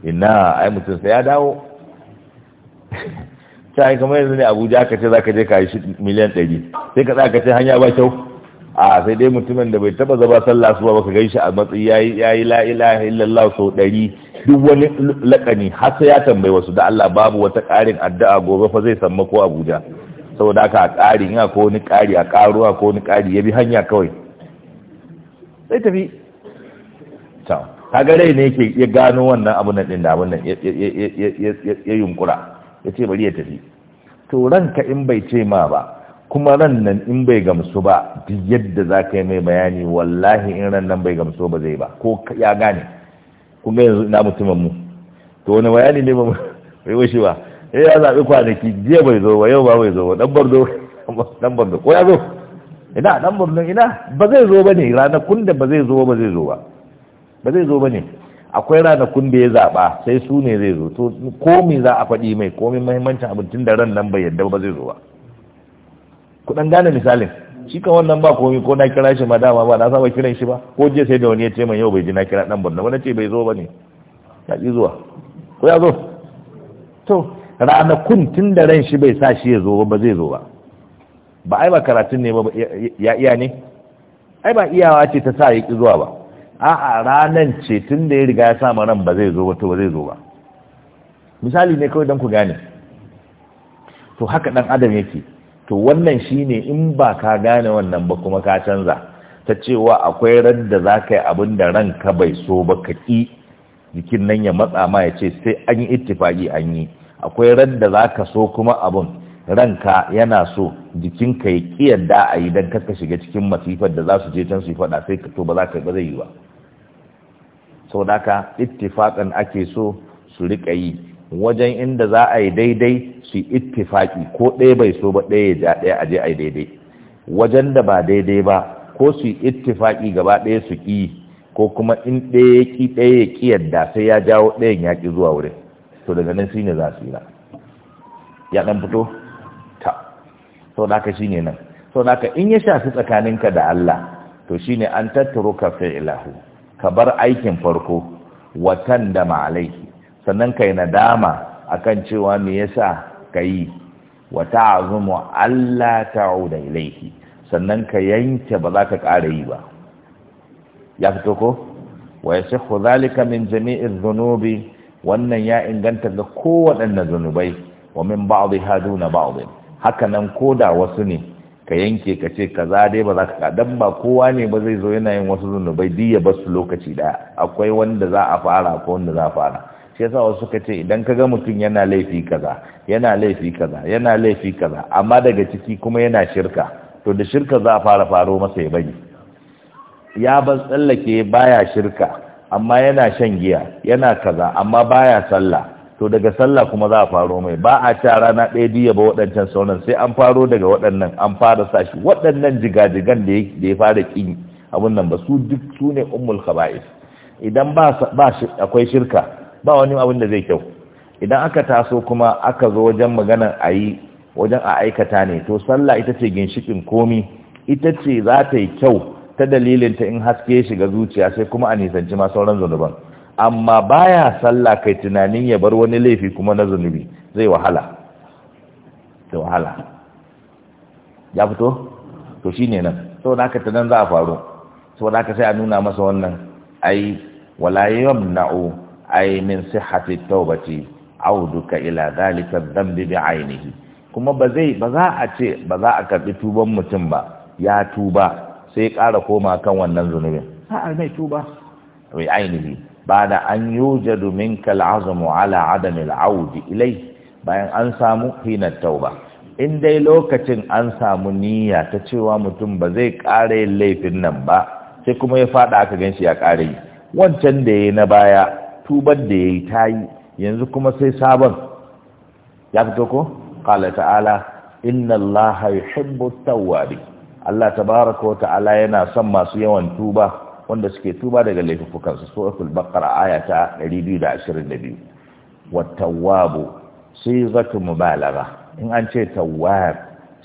ina ai mutum sai ya dawo ta yi yanzu ne abuja aka ce za ka je ka yi miliyan ɗari sai ka tsaka ce hanya ba kyau a sai dai mutumin da bai taba zaba sallah suwa ka gan shi a matsayi yayi yayi la ilaha illallah sau ɗari duk wani lakani har sai ya tambayi wasu da Allah babu wata ƙarin addu'a gobe fa zai samu ko Abuja saboda aka a ƙari ina ko wani ƙari a ƙaruwa ko wani ƙari ya bi hanya kawai sai tafi can kaga rai ne yake ya gano wannan abu nan da abu nan ya yunkura ya ce bari ya tafi to ranka in bai ce ma ba kuma ran nan in bai gamsu ba duk yadda za ka yi mai bayani wallahi in ran nan bai gamsu ba zai ba ko ya gane kuma yanzu ina mutumin mu to wani bayani ne ba mai washi ba eh ya zabi kwanaki jiya bai zo ba yau ba bai zo ba dan bardo dan bardo ko ya zo ina dan bardo ina ba zai zo bane ranakun da ba zai zo ba zai zo ba ba zai zo bane akwai ranakun da ya zaba sai su ne zai zo to me za a faɗi mai komi muhimmancin abin tun da ran nan bai yadda ba zai zo ba dan gane misalin shi kan wannan ba komi ko na kira shi ma dama ba na saba kiran shi ba ko je sai da wani ya ce man yau bai ji na kira dan borno wani ce bai zo bane ya ƙi zuwa ko ya zo to ranakun tun da ran shi bai sa shi ya zo ba zai zo ba ba ai ba karatun ne ba ya iya ne ai ba iyawa ce ta sa ya ki zuwa ba a'a ranan ce tun da ya riga ya sa ran ba zai zo ba to ba zai zo ba misali ne kawai don ku gane to haka dan adam yake to wannan shi ne in ba ka gane wannan ba kuma ka canza ta cewa akwai ran da za ka yi abin da ran ka bai so ba ka ƙi jikin nan ya matsa ma ya ce sai an yi ittifaki an yi akwai ran da za ka so kuma abun ranka yana so jikinka ya ƙi yadda a yi don kaka shiga cikin masifar da za su je can su yi faɗa sai ka to ba za ka ba zai yi ba sau da ka ittifaƙan ake so su riƙa yi wajen inda za a yi daidai su yi ittifaƙi ko ɗaya bai so ba ɗaya ya ja a je a yi daidai wajen da ba daidai ba ko su yi ittifaƙi gaba ɗaya su ƙi ko kuma in ɗaya ya ƙi ɗaya ya ƙi yadda sai ya jawo ɗayan ya ƙi zuwa wurin to daga nan shine za su yi ya dan fito ta so da ka shine nan so da ka in ya shafi tsakaninka da Allah to shine an tattaruka fi'lahu ka bar aikin farko watan da ma'alaiki sannan kai nadama akan cewa me yasa kai wa ta'zumu allah ta'uda ilayhi sannan ka yanke ba za ka ƙara yi ba ya fito ko wa yasihhu zalika min jami'in dhunubi wannan ya inganta ga kowaɗanne zunubai wa min ba'dhi haduna ba'dhin Hakanan ko koda wasu ne ka yanke ka ce kaza dai ba za ka dan ba kowa ne ba zai zo yana yin wasu zunubai duk ya su lokaci daya akwai wanda za a fara akwai wanda za a fara shi yasa wasu suka ce idan ka ga mutum yana laifi kaza yana laifi kaza yana laifi kaza amma daga ciki kuma yana shirka to da shirka za a fara faro masa ya bari ya ban tsallake baya shirka amma yana shan giya yana kaza amma baya sallah to daga sallah kuma za a faro mai ba a ci rana ɗaya biyu ba waɗancan sauran sai an faro daga waɗannan an fara sashi waɗannan jigajigan da ya fara ƙin abun nan ba su duk su ne ummul khaba'is idan ba akwai shirka ba wani abin da zai kyau idan aka taso kuma aka zo wajen maganar a yi wajen a aikata ne to sallah ita ce ginshikin komi ita ce za ta yi kyau ta dalilinta in haske shiga zuciya sai kuma a nisanci ma sauran zunuban amma baya sallah kai tunanin ya bar wani laifi kuma na zunubi zai wahala zai wahala ya fito to shine nan saboda haka nan za a faru saboda haka sai a nuna masa wannan ai wala yamna'u ai min sihhati tawbati auduka ila zalika dhanbi bi ainihi kuma ba zai ba za a ce ba za a karbi tuban mutum ba ya tuba sai ƙara koma kan wannan zunubin sa'ar mai tuba mai ainihi ba da an yujadu minka al'azamu ala adam audi ilai bayan an samu hinar tauba in dai lokacin an samu niyya ta cewa mutum ba zai ƙare laifin nan ba sai kuma ya faɗa aka shi ya ƙare yi wancan da ya yi na baya tubar da ya yi ta yi yanzu kuma sai sabon ya fito ko? ƙala ta'ala inna allaha yuhibbu tawwabin Allah tabaraka wa ta'ala yana son masu yawan tuba wanda suke tuba daga laifukan su suratul baqara aya ta 222 wattawabu sigatu mubalagha in an ce tawwab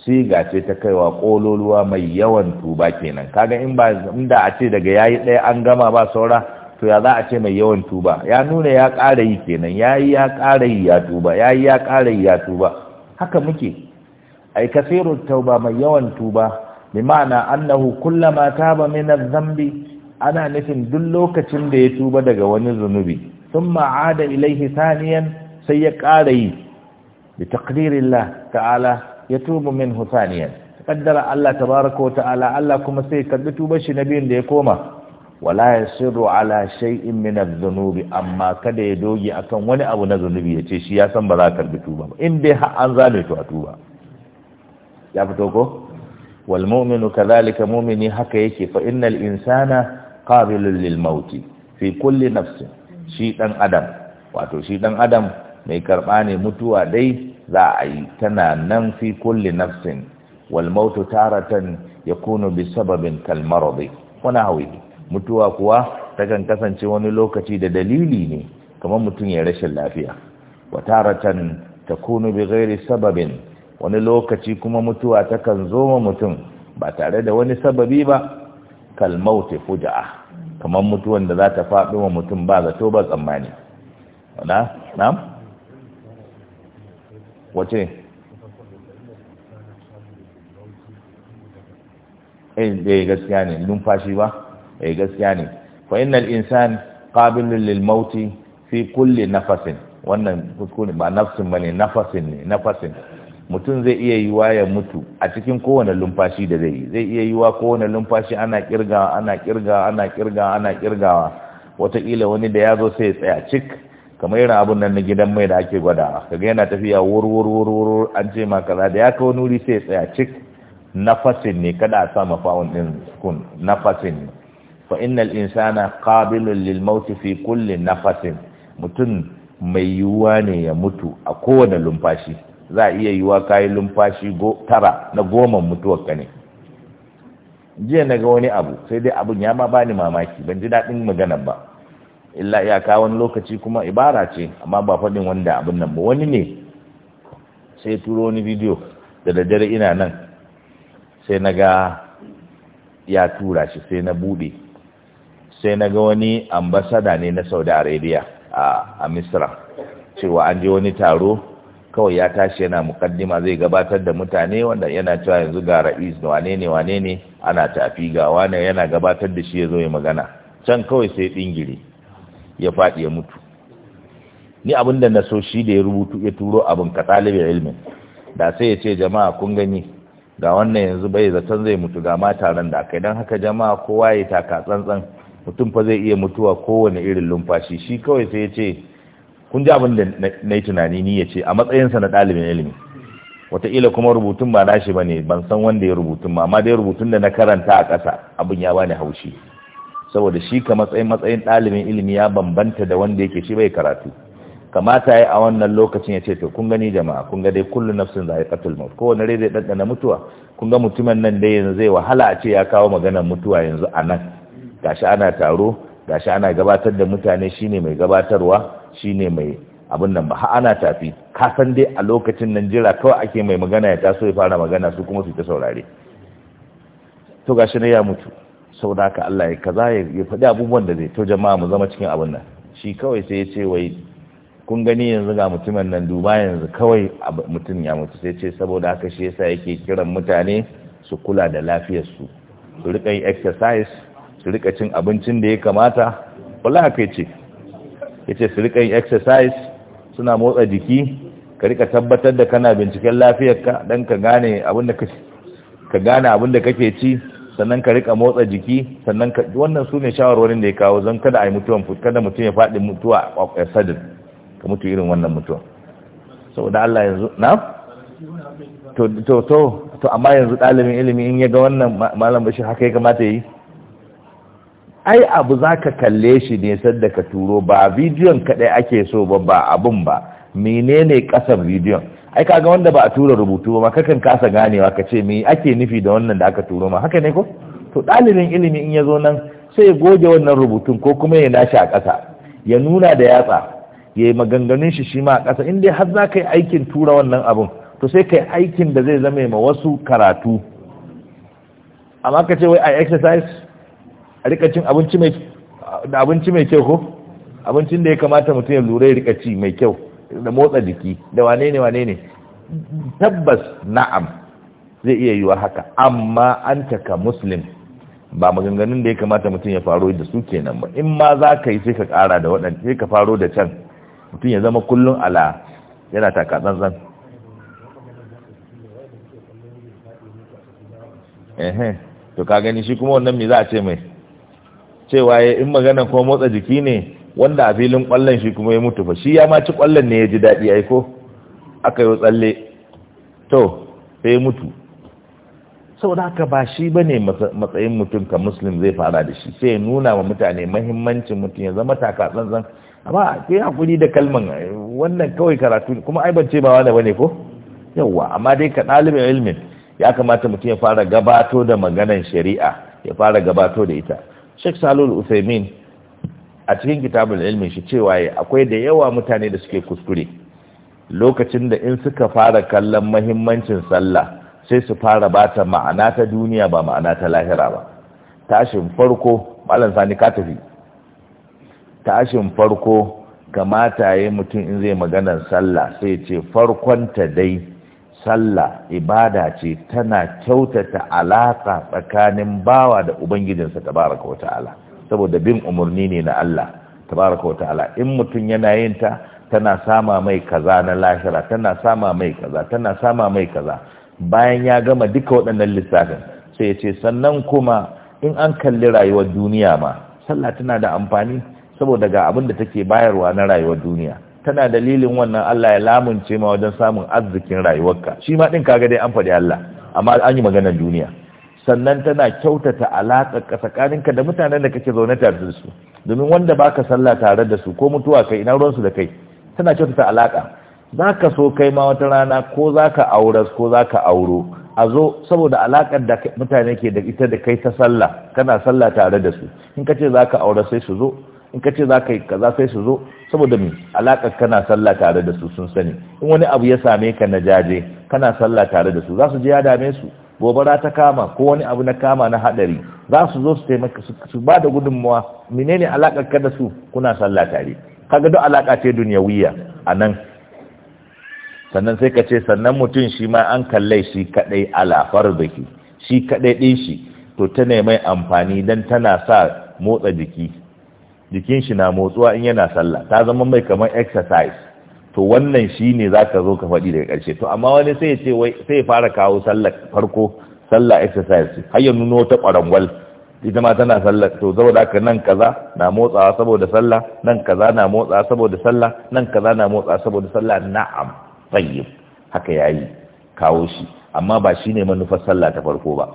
siga ce ta kaiwa kololuwa mai yawan tuba kenan kaga in ba inda a ce daga yayi ɗaya an gama ba saura to ya za a ce mai yawan tuba ya nuna ya ƙara yi kenan yayi ya ƙara yi ya tuba yayi ya ƙara yi ya tuba haka muke ai kasirut tauba mai yawan tuba bi ma'ana annahu kullama taba min adh-dhanbi ana nufin duk lokacin da ya tuba daga wani zunubi thumma ada ilayhi thaniyan sai ya ƙara yi bi taqdirillah ta'ala yatubu minhu thaniyan qaddara Allah tabaaraka wa ta'ala Allah kuma sai karbi tuba shi nabiyin da ya koma wala yasiru ala shay'in min adh-dhunubi amma kada ya doge akan wani abu na zunubi yace shi ya san ba za ka tuba ba in dai har an zalunta tuba ya fito ko wal kazalika kadhalika mu'mini haka yake fa innal insana qabilun lil fi kulli nafs shi dan adam wato shi ɗan adam mai karɓa ne mutuwa dai za a yi tana nan fi kulli nafsin wal maut taratan yakunu bi sababin kal maradi mutuwa kuwa takan kasance wani lokaci da dalili ne kamar mutum ya rashin lafiya wa taratan kunu bi gairi sababin wani lokaci kuma mutuwa ta kan zo ma mutum ba tare da wani sababi ba kalmauti fuja'a kamar mutuwan da za ta faɗi wa mutum ba zato ba tsammani na na'am wace eh dai eh, gaskiya ne numfashi ba eh gaskiya ne fa inal insan qabilun lil mauti fi kulli nafasin wannan kuskure ba nafsin bane nafasin ne nafasin mutum zai iya yiwa ya mutu a cikin kowane lumfashi da zai yi zai iya yiwa kowane lumfashi ana kirga ana kirga ana kirga ana kirgawa wataƙila wani da ya zo sai ya tsaya cik kamar irin abun nan na gidan mai da ake gwadawa kaga yana tafiya wurwurwurwur an ce ma da ya kawo nuri sai ya tsaya cik nafasin ne kada a sa mafawon din sukun nafasin ne fa innal insana qabilun lil maut fi kulli nafasin mutum mai yiwuwa ne ya mutu a kowane lumfashi za a iya yiwa kayi lumfashi tara na goma mutuwar ka ne jiya na ga wani abu sai dai abin ya ma bani mamaki ban ji daɗin magana ba illa ya kawo wani lokaci kuma ibara ce amma ba faɗin wanda abin nan ba wani ne sai turo wani bidiyo da daddare ina nan sai na ga ya tura shi sai na buɗe sai na ga wani ambasada ne na saudi arabia a misra cewa an je wani taro kawai ya tashi yana mukaddima zai gabatar da mutane wanda yana cewa yanzu ga ra'is da wane ne wane ne ana tafi ga wane yana gabatar da shi ya zo ya magana can kawai sai dingire ya faɗi ya mutu ni abin da na so shi da ya rubutu ya turo abin ka ɗalibin ilmin da sai ya ce jama'a kun gani ga wannan yanzu bai zaton zai mutu ga ma taron da kai don haka jama'a kowa ya taka tsantsan mutum fa zai iya mutuwa kowane irin lumfashi shi kawai sai ya ce kun ji abin da na yi tunani ni ya ce a matsayinsa na ɗalibin ilimi wataƙila kuma rubutun ba nashi ba ne ban san wanda ya rubutun ma amma dai rubutun da na karanta a ƙasa abin ya bani haushi saboda shi ka matsayin matsayin ɗalibin ilimi ya bambanta da wanda yake shi bai karatu kamata ya yi a wannan lokacin ya ce to kun gani jama'a kun ga dai kullum nafsin za a yi katul kowane rai zai ɗanɗana mutuwa kun ga mutumin nan dai yanzu zai wahala a ce ya kawo maganar mutuwa yanzu a nan gashi ana taro gashi ana gabatar da mutane shine mai gabatarwa Shi ne mai abin nan ba ha ana tafi ka san dai a lokacin nan jira kawai ake mai magana ya taso ya fara magana su kuma su ta saurare to gashi ne ya mutu saboda ka Allah ya kaza ya faɗi abubuwan da zai to jama'a mu zama cikin abin nan shi kawai sai ya ce wai kun gani yanzu ga mutumin nan duba yanzu kawai mutum ya mutu sai ce saboda haka shi yasa yake kiran mutane su kula da lafiyar su su riƙa yin exercise su riƙa cin abincin da ya kamata wallahi kai ce yace su rika yin exercise suna motsa jiki ka rika tabbatar da kana binciken lafiyarka dan ka gane abin da kake ka gane abin da kake ci sannan ka rika motsa jiki sannan ka wannan su ne shawarwarin da ya kawo zan kada a yi mutuwan kada mutum ya faɗi mutuwa a sadin ka mutu irin wannan mutuwa saboda Allah yanzu na to to to amma yanzu ɗalibin ilimi in ya ga wannan malam bashi haka ya kamata ya yi ai abu za ka kalle shi ne sadda ka turo ba bidiyon kaɗai ake so ba ba abun ba menene ƙasar bidiyon ai kaga wanda ba a tura rubutu ba kakan kasa ganewa ka ce me ake nufi da wannan da aka turo ma haka ne ko to ɗalibin ilimi in ya zo nan sai ya goge wannan rubutun ko kuma ya nashi a ƙasa ya nuna da yatsa ya yi maganganun shi shi ma a ƙasa in har za ka yi aikin tura wannan abun to sai ka yi aikin da zai zama ma wasu karatu amma ka ce wai a exercise a rikacin abinci mai kyau ko abincin da ya kamata mutum ya lura rikaci mai kyau da motsa jiki da wane ne wane ne tabbas na'am zai iya yiwa haka amma an taka muslim ba maganganun da ya kamata mutum ya faro da su kenan ba in ma za ka yi sai ka kara da waɗanda sai ka faro da can mutum ya zama kullum ala yana taka tsantsan ehe to ka gani shi kuma wannan me za a ce mai cewa ya in magana kuma motsa jiki ne wanda a filin kwallon shi kuma ya mutu fa shi ya maci kwallon ne ya ji daɗi ai ko aka yi tsalle to sai ya mutu da aka ba shi ba ne matsayin mutum ka muslim zai fara da shi sai ya nuna wa mutane mahimmancin mutum ya zama taka tsantsan amma ke hakuri da kalman wannan kawai karatu kuma ai ban ce ba wani bane ko yawa amma dai ka ɗalibin ilmin ya kamata mutum ya fara gabato da maganan shari'a ya fara gabato da ita Sheikh Salul usaimin a cikin kitabul ilmi shi cewa akwai da yawa mutane da suke kuskure lokacin da in suka fara kallon mahimmancin sallah sai su fara bata ma'ana ta duniya ba ma'ana ta lahira ba tashin farko malam sani ka tafi tashin farko kamata yayin mutum in zai maganar sallah sai ce farkon ta dai sallah ibada ce tana kyautata alaka tsakanin bawa da ubangijinsa tabaraka wata'ala saboda bin umarni ne na Allah tabaraka wata'ala in mutum yana yin ta tana sama mai kaza na lahira tana sama mai kaza tana sama mai kaza bayan ya gama duka waɗannan lissafin sai ya ce sannan kuma in an kalli rayuwar duniya ma sallah tana da amfani saboda ga abin da take bayarwa na rayuwar duniya tana dalilin wannan Allah ya lamunce ma wajen samun arzikin rayuwarka shi ma din kaga dai an faɗi Allah amma an yi maganar duniya sannan tana kyautata alaƙa tsakaninka da mutanen da kake zaune tare da su domin wanda baka sallah tare da su ko mutuwa kai ina ruwansu da kai tana kyautata alaƙa zaka so kai ma wata rana ko zaka auras ko zaka auro a zo saboda alakar da mutane ke da ita da kai ta sallah kana sallah tare da su in ka za zaka aure sai su zo in ka za zaka yi kaza sai su zo saboda mu, alakar kana sallah tare da su sun sani in wani abu ya same ka na jaje kana sallah tare da su za su je ya dame su gobara ta kama ko wani abu na kama na hadari za su zo su taimaka su ba da gudunmawa menene alakar ka da su kuna sallah tare kaga duk alaka ce a nan? sannan sai ka ce sannan mutum shi ma an kalle shi kadai alafar zaki, shi kaɗai din shi to ta ne mai amfani dan tana sa motsa jiki jikin shi na motsuwa in yana sallah ta zama mai kamar exercise to wannan shi shine zaka zo ka faɗi daga ƙarshe to amma wani sai ya ce wai sai fara kawo sallah farko sallah exercise har ya nuno ta ƙwarangwal ita ma tana sallah to saboda haka nan kaza na motsawa saboda sallah nan kaza na motsawa saboda sallah nan kaza na motsawa saboda sallah na'am tayyib haka yayi kawo shi amma ba shine manufar sallah ta farko ba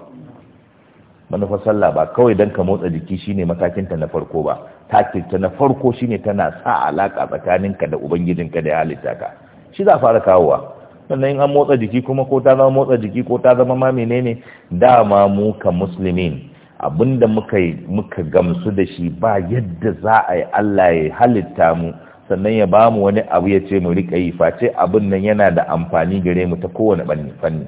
manufar sallah ba kawai don ka motsa jiki shine matakin ta na farko ba takin ta na farko shine tana sa alaka tsakaninka da ubangijinka da ya halitta ka shi za fara kawowa sannan in an motsa jiki kuma ko ta zama motsa jiki ko ta zama ma menene dama mu ka muslimin abinda muka muka gamsu da shi ba yadda za a yi Allah ya halitta mu sannan ya bamu wani abu ya ce mu rika yi face abin nan yana da amfani gare mu ta kowane fanni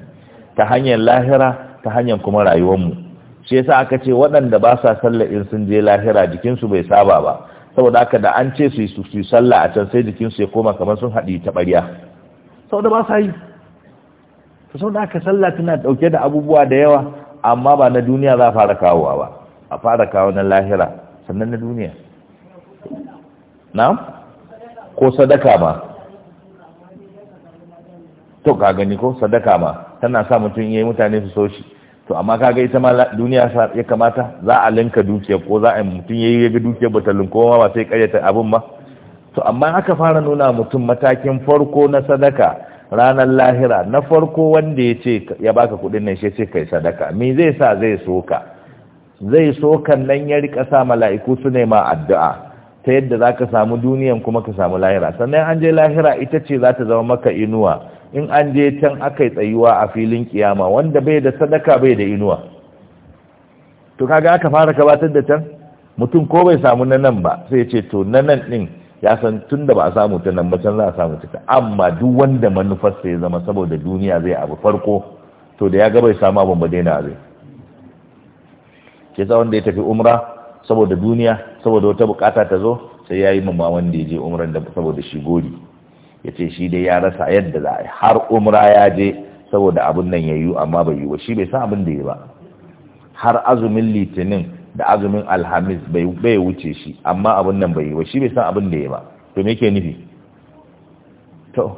ta hanyar lahira ta hanyar kuma rayuwar mu shi yasa aka ce waɗanda ba sa sallah in sun je lahira jikinsu bai saba ba saboda haka da an ce su yi su sallah a can sai jikinsu ya koma kamar sun haɗi ta ɓarya saboda ba sa yi to saboda haka sallah tana ɗauke da abubuwa da yawa amma ba na duniya za a fara kawowa ba a fara kawo na lahira sannan na duniya na ko sadaka ma to ka gani ko sadaka ma tana sa mutum yayi mutane su so shi to amma kaga ita ma duniya ya kamata za a linka dukiyar ko za a mutum yayi ya ga dukiyar ba ta linko ba sai karyata abin ba to amma aka fara nuna mutum matakin farko na sadaka ranar lahira na farko wanda ya ce ya baka kuɗin nan shi ce kai sadaka me zai sa zai soka zai sokan nan ya rika sa mala'iku su ne ma addu'a ta yadda zaka samu duniyan kuma ka samu lahira sannan an je lahira ita ce za ta zama maka inuwa in an je can aka yi tsayuwa a filin kiyama wanda bai da sadaka bai da inuwa to kaga aka fara gabatar da can mutum ko bai samu na nan ba sai ce to na nan din ya san tun da ba a samu ta nan ba can za a samu ta amma duk wanda manufarsa ya zama saboda duniya zai abu farko to da ya ga bai samu abun ba daina zai ke sa wanda ya tafi umra saboda duniya saboda wata bukata ta zo sai ya yi mamman wanda ya je umran saboda shi gori ya ce shi dai ya rasa yadda za a yi har umra ya je saboda abin nan ya yi amma bai yi ba shi bai san abin da ya ba har azumin litinin da azumin alhamis bai wuce shi amma abin nan bai yi ba shi bai san abin da ya ba to me ke nufi to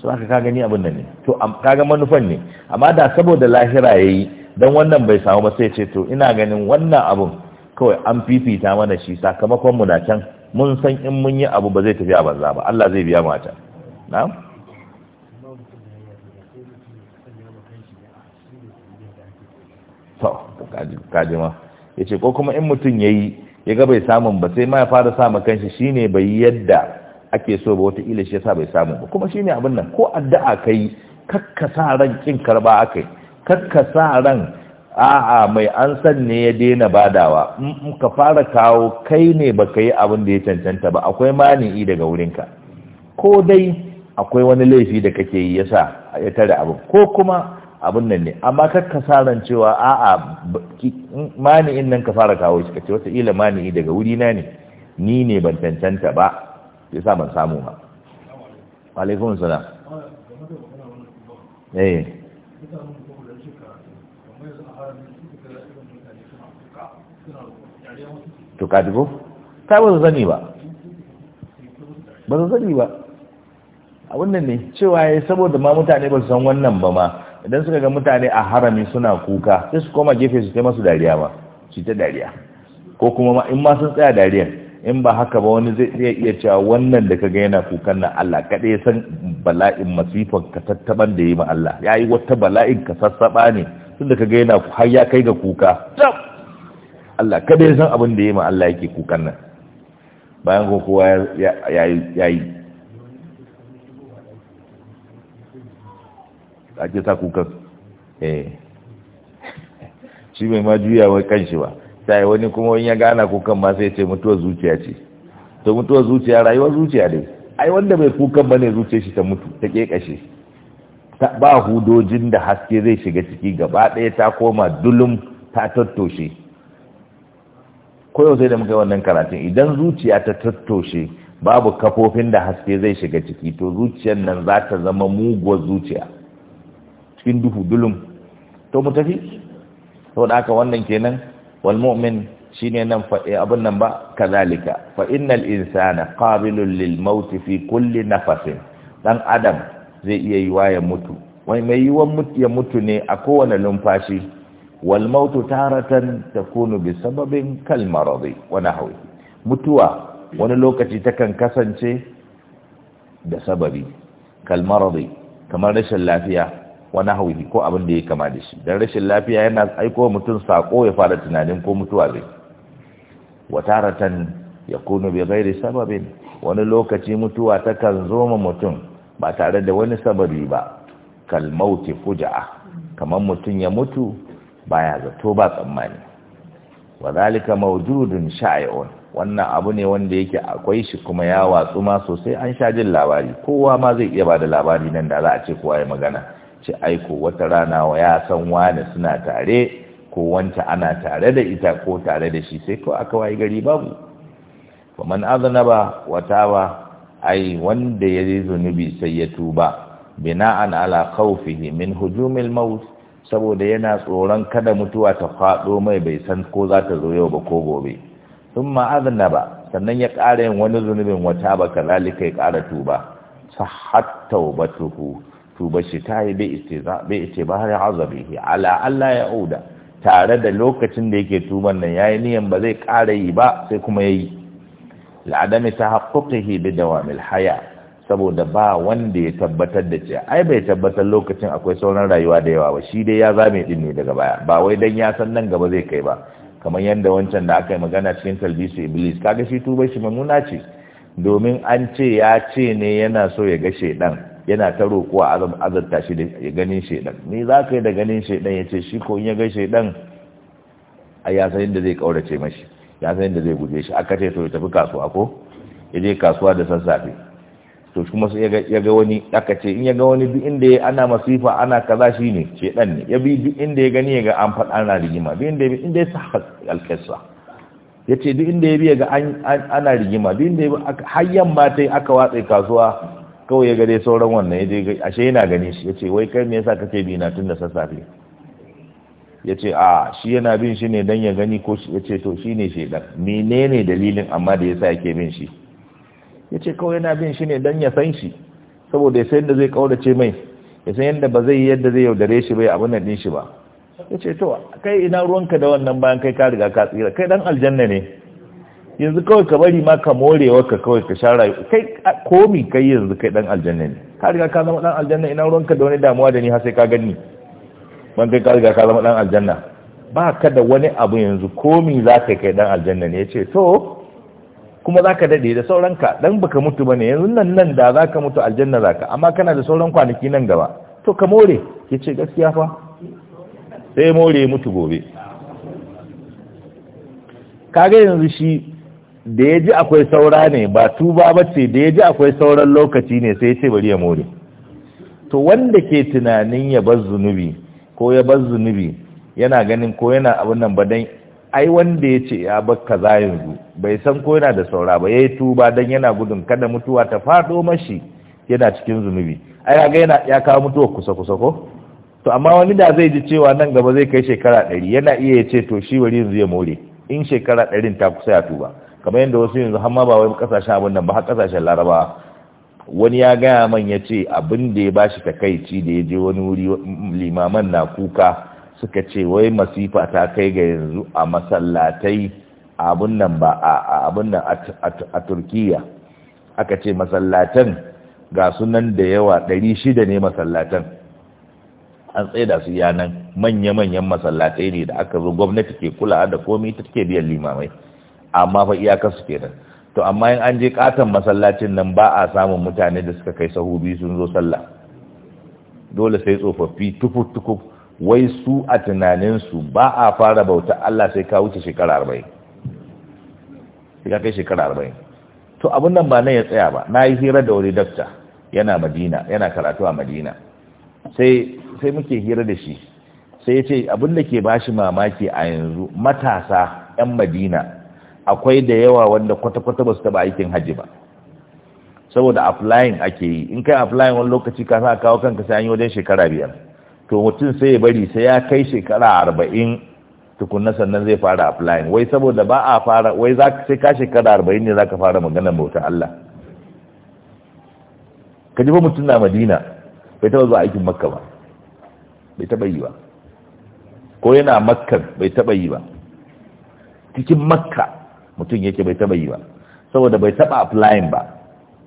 su aka ka gani abin nan ne to kaga manufan ne amma da saboda lahira ya yi don wannan bai samu ba sai ce to ina ganin wannan abun kawai an fifita mana shi sakamakon mu da can mun san in mun yi abu ba zai tafi a banza ba Allah zai biya mu a can na'am ya ce ko kuma in mutum ya yi ya ga bai samun ba sai ma ya fara samun kanshi shi ne bai yadda ake so ba wata ila ya sa bai samun ba kuma shi ne abin nan ko addu'a ka yi kakka sa ran kin karba aka yi kakka sa ran a'a mai an san ne ya daina badawa in ka fara kawo kai ne baka yi abin da ya cancanta ba akwai mani'i daga wurinka ko dai akwai wani laifi da kake yi yasa ya tare abu ko kuma abun nan ne amma kar ka saran cewa a'a mani'in nan ka fara kawo shi kace ila mani'i daga wuri na ne ni ne ban cancanta ba sa ban samu ba alaikum salam eh to ka dubo ta ba zani ba ba zani ba A wannan ne cewa ya saboda ma mutane ba su san wannan ba ma idan suka ga mutane a harami suna kuka sai su koma gefe su kai masu dariya ba su ta dariya ko kuma ma in ma sun tsaya dariyar in ba haka ba wani zai iya cewa wannan da ka ga yana kukan nan Allah kaɗai ya san bala'in masifan ka tattaban da yi ma Allah ya yi wata bala'in ka sassaɓa ne tun da ka ga yana har ya kai ga kuka Allah kaɗai ya san abin da yi ma Allah yake kukan nan bayan ko kowa ya yi ake sa kukan eh shi mai ma juya wai shi ba sai wani kuma in ya gana kukan ma sai ce mutuwar zuciya ce to mutuwar zuciya rayuwar zuciya ne ai wanda bai kukan bane zuciyar shi ta mutu ta kekashe ba hudojin da haske zai shiga ciki gaba ɗaya ta koma dulum ta tattoshe koyau sai da muka yi wannan karatun idan zuciya ta tattoshe babu kafofin da haske zai shiga ciki to zuciyar nan za ta zama muguwar zuciya cikin duhu dulum to mu tafi saboda haka wannan kenan wal mu'min shine nan fa eh, abin nan ba kazalika fa innal insana qabilun lil maut fi kulli nafasin dan adam zai iya yiwa ya mutu wai mai yiwuwan mutu ya mutu ne a kowane numfashi wal mautu taratan takunu bi sababin kal maradi wa nahwi mutuwa wani lokaci takan kasance da sababi kal maradi kamar rashin lafiya wani hauhi ko abin da ya kama da shi don rashin lafiya yana aiko mutum sako ya fara tunanin ko mutuwa zai wataratan ya kuno bai gairi sababin wani lokaci mutuwa ta kan zo ma mutum ba tare da wani sababi ba kalmauti fuja'a kamar mutum ya mutu ba ya zato ba tsammani wa zalika mawjudun sha'i'un wannan abu ne wanda yake akwai shi kuma ya watsu ma sosai an sha jin labari kowa ma zai iya ba da labari nan da za a ce kowa ya magana ce aiko wata rana wa ya san wani suna tare ko wanta ana tare da ita ko tare da shi sai ko aka wayi gari babu fa man aznaba wa ai wanda ya yi zunubi sai ya tuba bina'an ala khawfihi min hujumil maut saboda yana tsoron kada mutuwa ta faɗo mai bai san ko za ta zo yau ba ko gobe thumma ba sannan ya ƙara yin wani zunubin wata ba kalalika ya ƙara tuba sahat taubatuhu tuba shi ta yi bai ice ba har ya azabihi ala Allah ya auda tare da lokacin da yake tuban nan ya yi niyan ba zai kara yi ba sai kuma ya yi. la'adami ta yi bi dawamil haya saboda ba wanda ya tabbatar da ce ai bai tabbatar lokacin akwai sauran rayuwa da yawa ba shi dai ya zame din ne daga baya ba wai dan ya san nan gaba zai kai ba kamar yadda wancan da aka yi magana cikin talbisu iblis kaga shi tuba shi mamuna ce domin an ce ya ce ne yana so ya ga shaidan yana ta roƙo a azarta shi da ganin shaidan ni za ka yi da ganin shaidan ya ce shi ko in ya ga shaidan a yasayin da zai ƙaurace mashi ya da zai guje shi aka ce to ya tafi kasuwa ko ya je kasuwa da sassafe to kuma sai ya ga wani aka ce in ya ga wani duk inda ya ana masifa ana kaza shi ne shaidan ne ya bi duk inda ya gani ya ga an faɗa ana rigima duk inda ya bi inda ya sa alƙasa ya ce duk inda ya bi ya ga ana rigima duk inda ya bi har yamma ta yi aka watsa kasuwa kawai ya gare sauran wannan ya je ashe yana gani shi ya ce wai kai me yasa kake bi na tun da sassafe ya ce a shi yana bin shi ne don ya gani ko ya ce to shi ne mene ne dalilin amma da yasa yake bin shi ya ce kawai yana bin shi ne don ya san shi saboda ya san yadda zai kaurace mai ya san yadda ba zai yi yadda zai yaudare shi bai abin nan din shi ba ya ce to kai ina ruwanka da wannan bayan kai ka riga ka tsira kai dan aljanna ne yanzu kawai ka bari ma ka morewa ka kawai ka share kai komi kai yanzu kai dan aljanna ne ka riga ka zama dan aljanna ina ruwanka da wani damuwa da ni har sai ka gani ban kai ka riga ka zama dan aljanna ba ka da wani abu yanzu komi za ka kai dan aljanna ne yace ce to kuma za ka daɗe da sauranka dan baka mutu ba ne yanzu nan nan da za ka mutu aljanna za ka amma kana da sauran kwanaki nan gaba to ka more yace ce gaskiya fa sai more mutu gobe kaga yanzu shi da ya ji akwai saura ne ba tuba ba ce da ya ji akwai sauran lokaci ne sai ya ce bari ya more to wanda ke tunanin ya bar zunubi ko ya bar zunubi yana ganin ko yana abin nan ba dan ai wanda ya ce ya bar kaza yanzu bai san ko yana da saura ba yayi tuba dan yana gudun kada mutuwa ta fado mashi yana cikin zunubi ai ga yana ya kawo mutuwa kusa kusa ko to amma wani da zai ji cewa nan gaba zai kai shekara 100 yana iya ya ce to shi wari yanzu ya more in shekara 100 ta kusa ya tuba kamar yadda wasu yanzu har ma ba wai kasashen abin nan ba har kasashen laraba wani ya gaya man ya ce abin da ya bashi takaici da ya je wani wuri limaman na kuka suka ce wai masifa ta kai ga yanzu a masallatai abin nan ba a abin nan a turkiya aka ce masallatan ga sunan da yawa ɗari shida ne masallatan an da su yanan manya-manyan masallatai ne da aka zo gwamnati ke kula da komai ta take biyan limamai amma fa iyakar su nan, to amma in an je katon masallacin nan ba a samun mutane da suka kai sahubi sun zo sallah dole sai tsofaffi tukuf wai su a tunaninsu ba a fara bauta Allah sai ka wuce shekara arba'in sai ka kai shekara arba'in to abin nan ba nan ya tsaya ba na yi hira da wani dakta yana madina yana karatu a madina sai sai muke hira da shi sai ya ce abin da ke bashi mamaki a yanzu matasa 'yan madina akwai da yawa wanda kwata-kwata ba su taba aikin hajji ba saboda applying ake yi in kai applying wani lokaci ka sa kawo kanka sai an yi wajen shekara biyar to mutum sai ya bari sai ya kai shekara arba'in tukunna sannan zai fara applying wai saboda ba a fara wai za sai ka shekara arba'in ne za ka fara maganar bauta Allah ka ji ba mutum na madina bai taba zuwa aikin makka ba bai taba yi ba ko yana makka bai taba yi ba cikin makka mutum yake bai taba yi ba saboda bai taba applying ba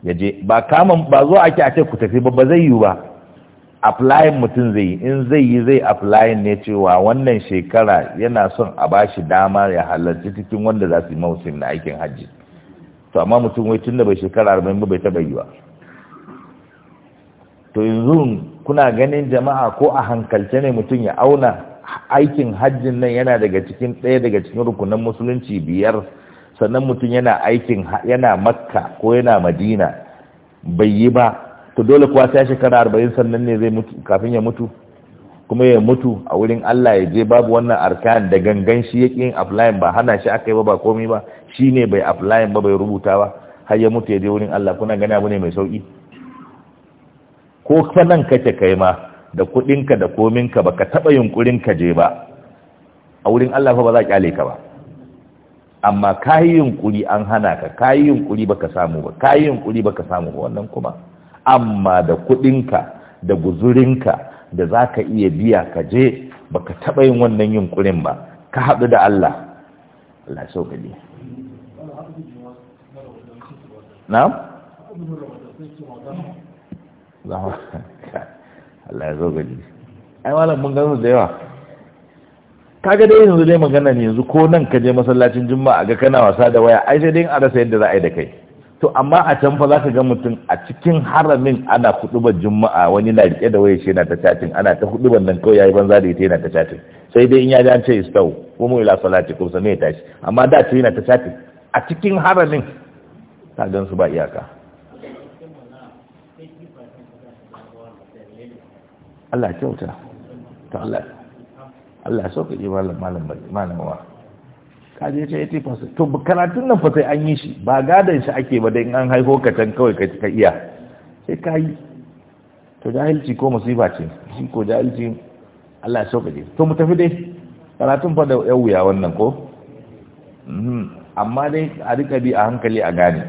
yaje ba kama ba zo ake a ce ku tafi ba ba zai yi ba applying mutum zai yi in zai yi zai applying ne cewa wannan shekara yana son a bashi dama ya halarci cikin wanda za su yi mausin na aikin hajji to amma mutum wai tun da bai shekara arba'in ba bai taba yi ba to yanzu kuna ganin jama'a ko a hankalce ne mutum ya auna aikin hajjin nan yana daga cikin ɗaya daga cikin rukunan musulunci biyar sannan mutum yana aikin yana makka ko yana madina bai yi ba to dole kuwa sai shekara arba'in sannan ne zai mutu kafin ya mutu kuma ya mutu a wurin Allah ya je babu wannan arkan da gangan shi ya yin aflayin ba hana shi aka yi ba ba komai ba shi ne bai aflayin ba bai rubuta ba har ya mutu ya je wurin Allah kuna gani abu ne mai sauki ko sanan kake kai ma da kuɗinka da kominka ba ka taɓa yunkurin ka je ba a wurin Allah fa ba za a kyale ka ba amma kayi yunkuri an hana ka kayi yunkuri baka samu ba kayi yunkuri baka samu ba wannan kuma amma da kudinka da guzurinka da zaka iya biya ka je baka taba yin wannan yunkurin ba ka haɗu da Allah Allah so gani na'am Allah ya sauka ai wala mun gano da yawa kaga dai yanzu dai magana ne yanzu ko nan ka je masallacin juma'a ga kana wasa da waya ai sai dai a rasa yadda za a yi da kai to amma a can fa zaka ga mutum a cikin haramin ana kudubar juma'a wani na rike da waya yana ta chatting ana ta kudubar nan kawai yayi banza da ita yana ta chatting sai dai in ya dace an ce istau ko mu ila salati ko sai ya tashi amma da ta yana ta chatting a cikin haramin ta gan su ba iyaka Allah kyauta ta Allah Allah so ka ji malam malam malamwa ka je ta 80% to karatun nan fa sai an yi shi ba gadon shi ake ba dai an haifo ka can kawai ka ka iya sai ka yi to jahilci ko musiba ce shi ko jahilci Allah so ka je to mu tafi dai karatun fa da yawuya wannan ko mhm. amma dai a rika bi a hankali a gane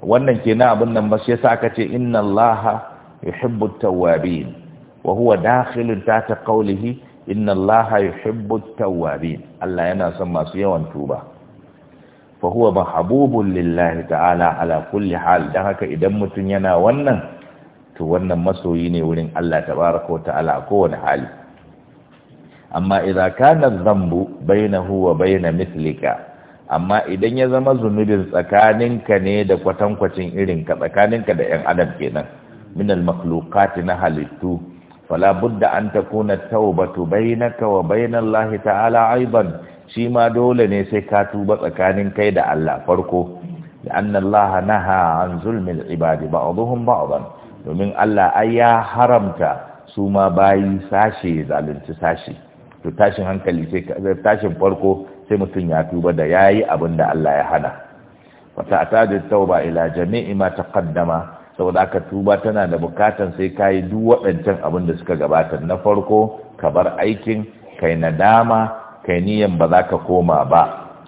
wannan ke na abin nan ba shi yasa aka ce inna allaha yuhibbu at-tawwabin wa huwa dakhilun ta qawlihi inna allaha yuhibbu tawwabin Allah yana son masu yawan tuba fa huwa mahabubun lillahi ta'ala ala kulli hal dan haka idan mutun yana wannan to wannan masoyi ne wurin Allah tabaaraka wa ta'ala a kowane hali amma idza kana dhanbu bainahu wa baina mithlika amma idan ya zama zunubin tsakaninka ne da kwatankwacin irinka tsakaninka da 'yan adam kenan al makhluqati na halittu fala budda an takuna taubatu bainaka wa bainallahi ta'ala aidan shi ma dole ne sai ka tuba tsakanin kai da Allah farko لأن الله نهى عن ظلم العباد بعضهم بعضا domin Allah ai ya haramta su ma bayi sashe zalunci sashe to tashin hankali sai tashin farko sai mutum ya tuba da yayi abin da Allah ya hana wa ta'tadu tauba ila jami'i ma kaddama? saboda aka tuba tana da bukatan sai ka yi duk waɗancan abin da suka gabata na farko ka bar aikin kai nadama kai niyan ba za ka koma ba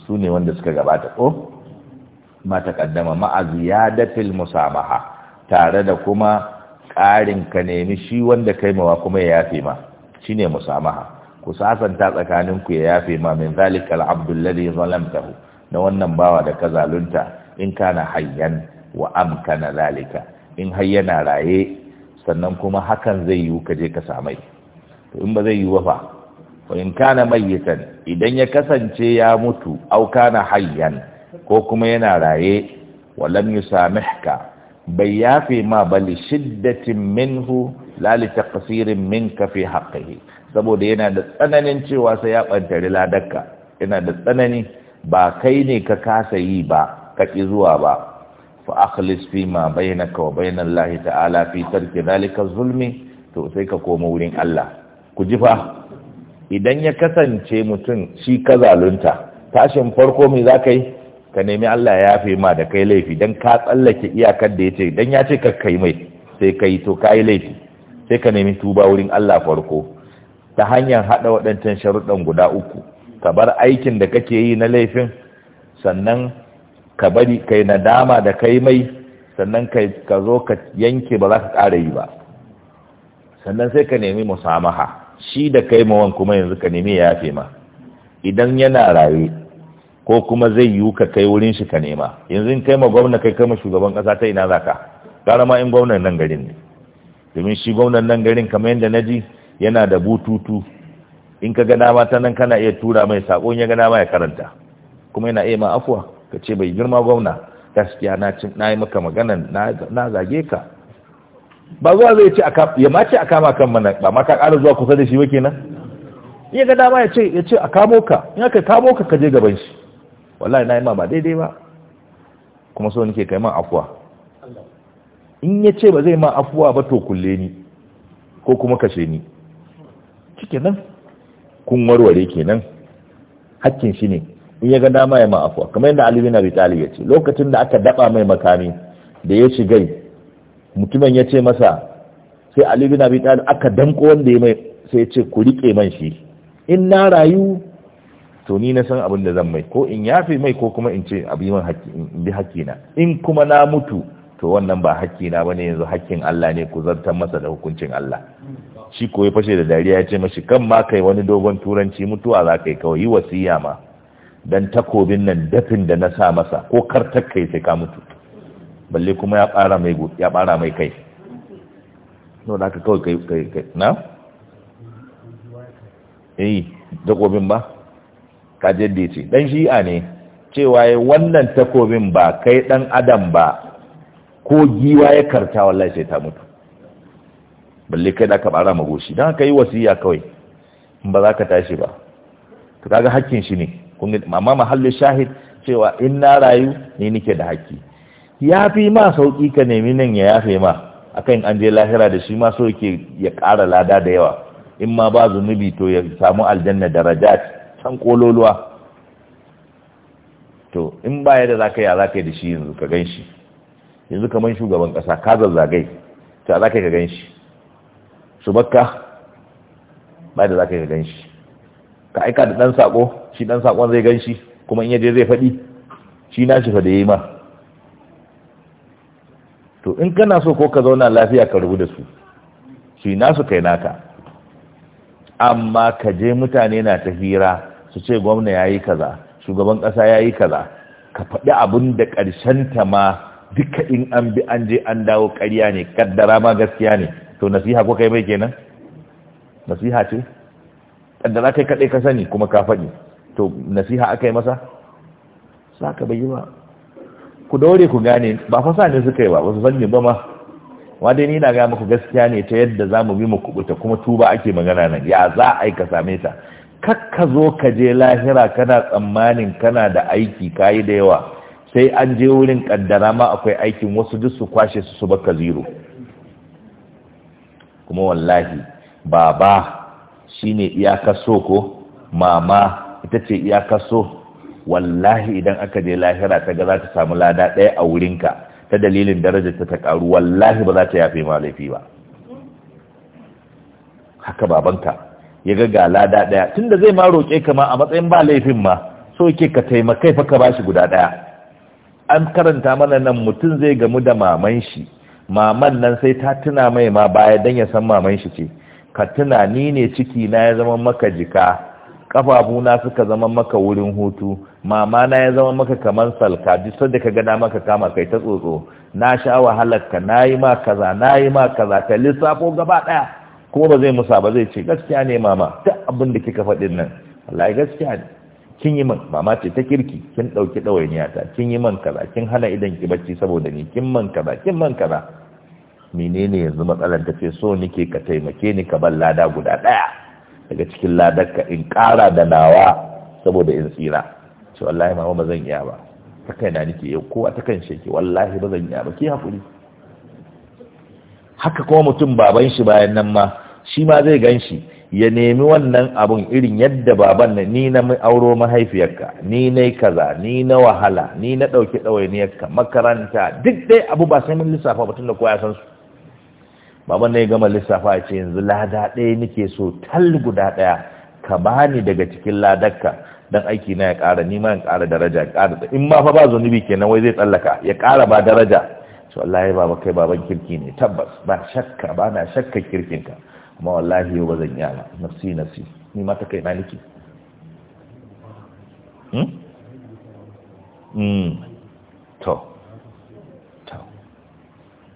su ne wanda suka gabata ko ma taqaddama ma'a ziyadatil musamaha tare da kuma ƙarin ka nemi shi wanda kai mawa kuma ya yafe ma shine musamaha ku sasanta tsakanin ku ya yafe ma min zalikal abdul ladhi zalamtahu na wannan bawa da ka zalunta in kana hayyan wa amkana zalika in har yana raye sannan kuma hakan zai yiwu ka je ka samai to in ba zai yiwu ba fa in kana mayyitan idan ya kasance ya mutu au kana hayyan ko kuma yana raye walam yusamihka bai yafe ma bali shiddatin minhu la li taqsirin minka fi haqqihi saboda yana da tsananin cewa sai ya bantare ladakka yana da tsanani ba kai ne ka kasa yi ba ka ki zuwa ba bainaka wa ta'ala ta'ala بينك وبين zalika to sai ka koma wurin Allah. Ku ji fa idan ya kasance mutum shi ka zalunta tashin farko me za ka yi ka nemi Allah ya yafe ma da kai laifi don ka tsallake iyakar da ya ce don ya ce ka kai mai sai ka yi to ka laifi sai ka nemi tuba wurin Allah farko ta hanyar haɗa waɗancan sharuɗan guda uku ka bar aikin da kake yi na laifin sannan ka bari kai nadama da kai mai sannan ka zo ka yanke ba za ka ƙara yi ba sannan sai ka nemi musamaha shi da kai mawan kuma yanzu ka nemi ya yafe ma idan yana raye ko kuma zai yiwu ka kai wurin shi ka nema yanzu in kai ma gwamna kai kama shugaban ƙasa ta ina za ka gara ma in gwamnan nan garin ne domin shi gwamnan nan garin kamar yadda na ji yana da bututu in ka ga dama ta nan kana iya tura mai saƙon ya ga dama ya karanta kuma yana iya ma afuwa ka ce bai girma gwamna gaskiya na yi maka magana na zage ka ba zuwa zai ce ya ma ce a kama kan mana ba ma ka ƙara zuwa kusa da shi ba kenan iya ga dama ya ce ya ce a kamo ka in aka kamo ka ka je gaban shi wallahi na yi ma ba daidai ba kuma so nake kai man afuwa in ya ce ba zai ma afuwa ba to kulle ni ko kuma kashe ni cikin nan kun warware kenan hakkin shi ne in ya ga dama ya ma afuwa kamar yadda alibi na bitali ya ce lokacin da aka daba mai makami da ya shiga mutumin ya ce masa sai alibi na bitali aka damko wanda ya mai sai ya ce ku rike man shi in na rayu to ni na san abin da zan mai ko in yafe mai ko kuma in ce abi man haƙƙi in bi haƙƙina in kuma na mutu to wannan ba ba bane yanzu haƙƙin Allah ne ku zartar masa da hukuncin Allah shi ko fashe da dariya ya ce mashi kan ma kai wani dogon turanci mutuwa za ka yi kawai yi wasiya ma dan takobin nan dafin da na sa masa ko kartar kai sai ka mutu balle kuma ya bara mai ya bara mai kai no da ka kawai kai kai kai na eh takobin ba ka jaddi ce dan a ne cewa yayi wannan takobin ba kai dan adam ba ko giwa ya karta wallahi sai ta mutu balle kai da ka bara magoshi dan ka yi wasiya kawai ba za ka tashi ba to kaga hakkin shi ne amma mahallu shahid cewa in na rayu ne nike da haƙƙi ya fi ma sauƙi ka nemi nan ya yafe ma A kan an je lahira da shi ma so yake ya ƙara lada da yawa in ma ba zunubi to ya samu aljanna daraja can ƙololuwa? to in ba yadda zaka za ka yi da shi yanzu ka gan shi. yanzu kamar shugaban ƙasa ka zazzagai ta za ka gan shi. su bakka ba da za ka gan shi. ka aika da dan sako shi dan sakon zai gan shi kuma in yaje zai faɗi shi na shi fa da yayi ma to in kana so ko ka zauna lafiya ka rubu da su shi su kai naka amma ka je mutane na ta hira su ce gwamna yayi kaza shugaban kasa yayi kaza ka faɗi abin da ƙarshen ta ma duka in an bi an je an dawo ƙarya ne kaddara ma gaskiya ne to nasiha ko kai mai kenan nasiha ce ka kai kaɗai ka sani kuma ka faɗi to nasiha aka yi masa sa ka bai ba ku daure ku gane ba fasa ne suka yi ba wasu sanni ba ma dai ni na ga muku gaskiya ne ta yadda za mu bi mu kubuta kuma tuba ake magana nan ya za a yi ka same ta ka zo ka je lahira kana tsammanin kana da aiki kayi da yawa sai an je wurin kaddara ma akwai aikin wasu duk su kwashe su su baka zero kuma wallahi baba shine iyakar so ko mama ita ce iyakar so wallahi idan aka je lahira ta ga za ta samu lada ɗaya a wurinka ta dalilin darajarta ta karu wallahi ba za ta yafe ma laifi ba haka babanka ya ga ga lada ɗaya tun da zai ma roƙe ka ma a matsayin ba laifin ma so ke ka taimakai fa ka bashi guda ɗaya an karanta mana nan mutum zai gamu da maman shi maman nan sai ta tuna mai ma baya dan ya san maman shi ce ka tuna ni ne ciki na ya zama maka jika kafafuna suka zama maka wurin hutu mama na ya zama maka kamar salka duk sanda ka gada maka kama kai ta tsotso na sha wahalar ka nayi ma kaza nayi ma kaza ka lissafo gaba daya ko ba zai musa ba zai ce gaskiya ne mama duk abin da kika faɗi nan wallahi gaskiya ne kin yi man mama ce ta kirki kin ɗauki dawainiya ta kin yi man kaza kin hana idan ki bacci saboda ni kin man kaza kin man kaza menene yanzu matsalar ta ce so nike ka taimake ni ka bar lada guda ɗaya daga cikin ka in kara da nawa saboda in tsira ce wallahi ma ba zan iya ba ta kaina nike yau kowa ta kan sheke wallahi ba zan iya ba ki hakuri haka kuma mutum baban shi bayan nan ma shi ma zai gan shi ya nemi wannan abun irin yadda baban na ni na auro mahaifiyarka ni na kaza ni na wahala ni na ɗauki ɗawainiyarka makaranta duk dai abu ba sai mun lissafa mutum da koya san su baban ne gama lissafa a ce yanzu lada ɗaya nake so tal guda ɗaya ka bani daga cikin ladarka dan aiki na ya ƙara ni ma ya ƙara daraja ya ƙara in ma fa ba zunubi kenan wai zai tsallaka ya ƙara ba daraja to wallahi baba kai baban kirki ne tabbas ba shakka ba na shakka kirkinka amma wallahi yau ba zan yi ala nafsi nafsi ni ma ta kai na nake hmm? Hmm. to to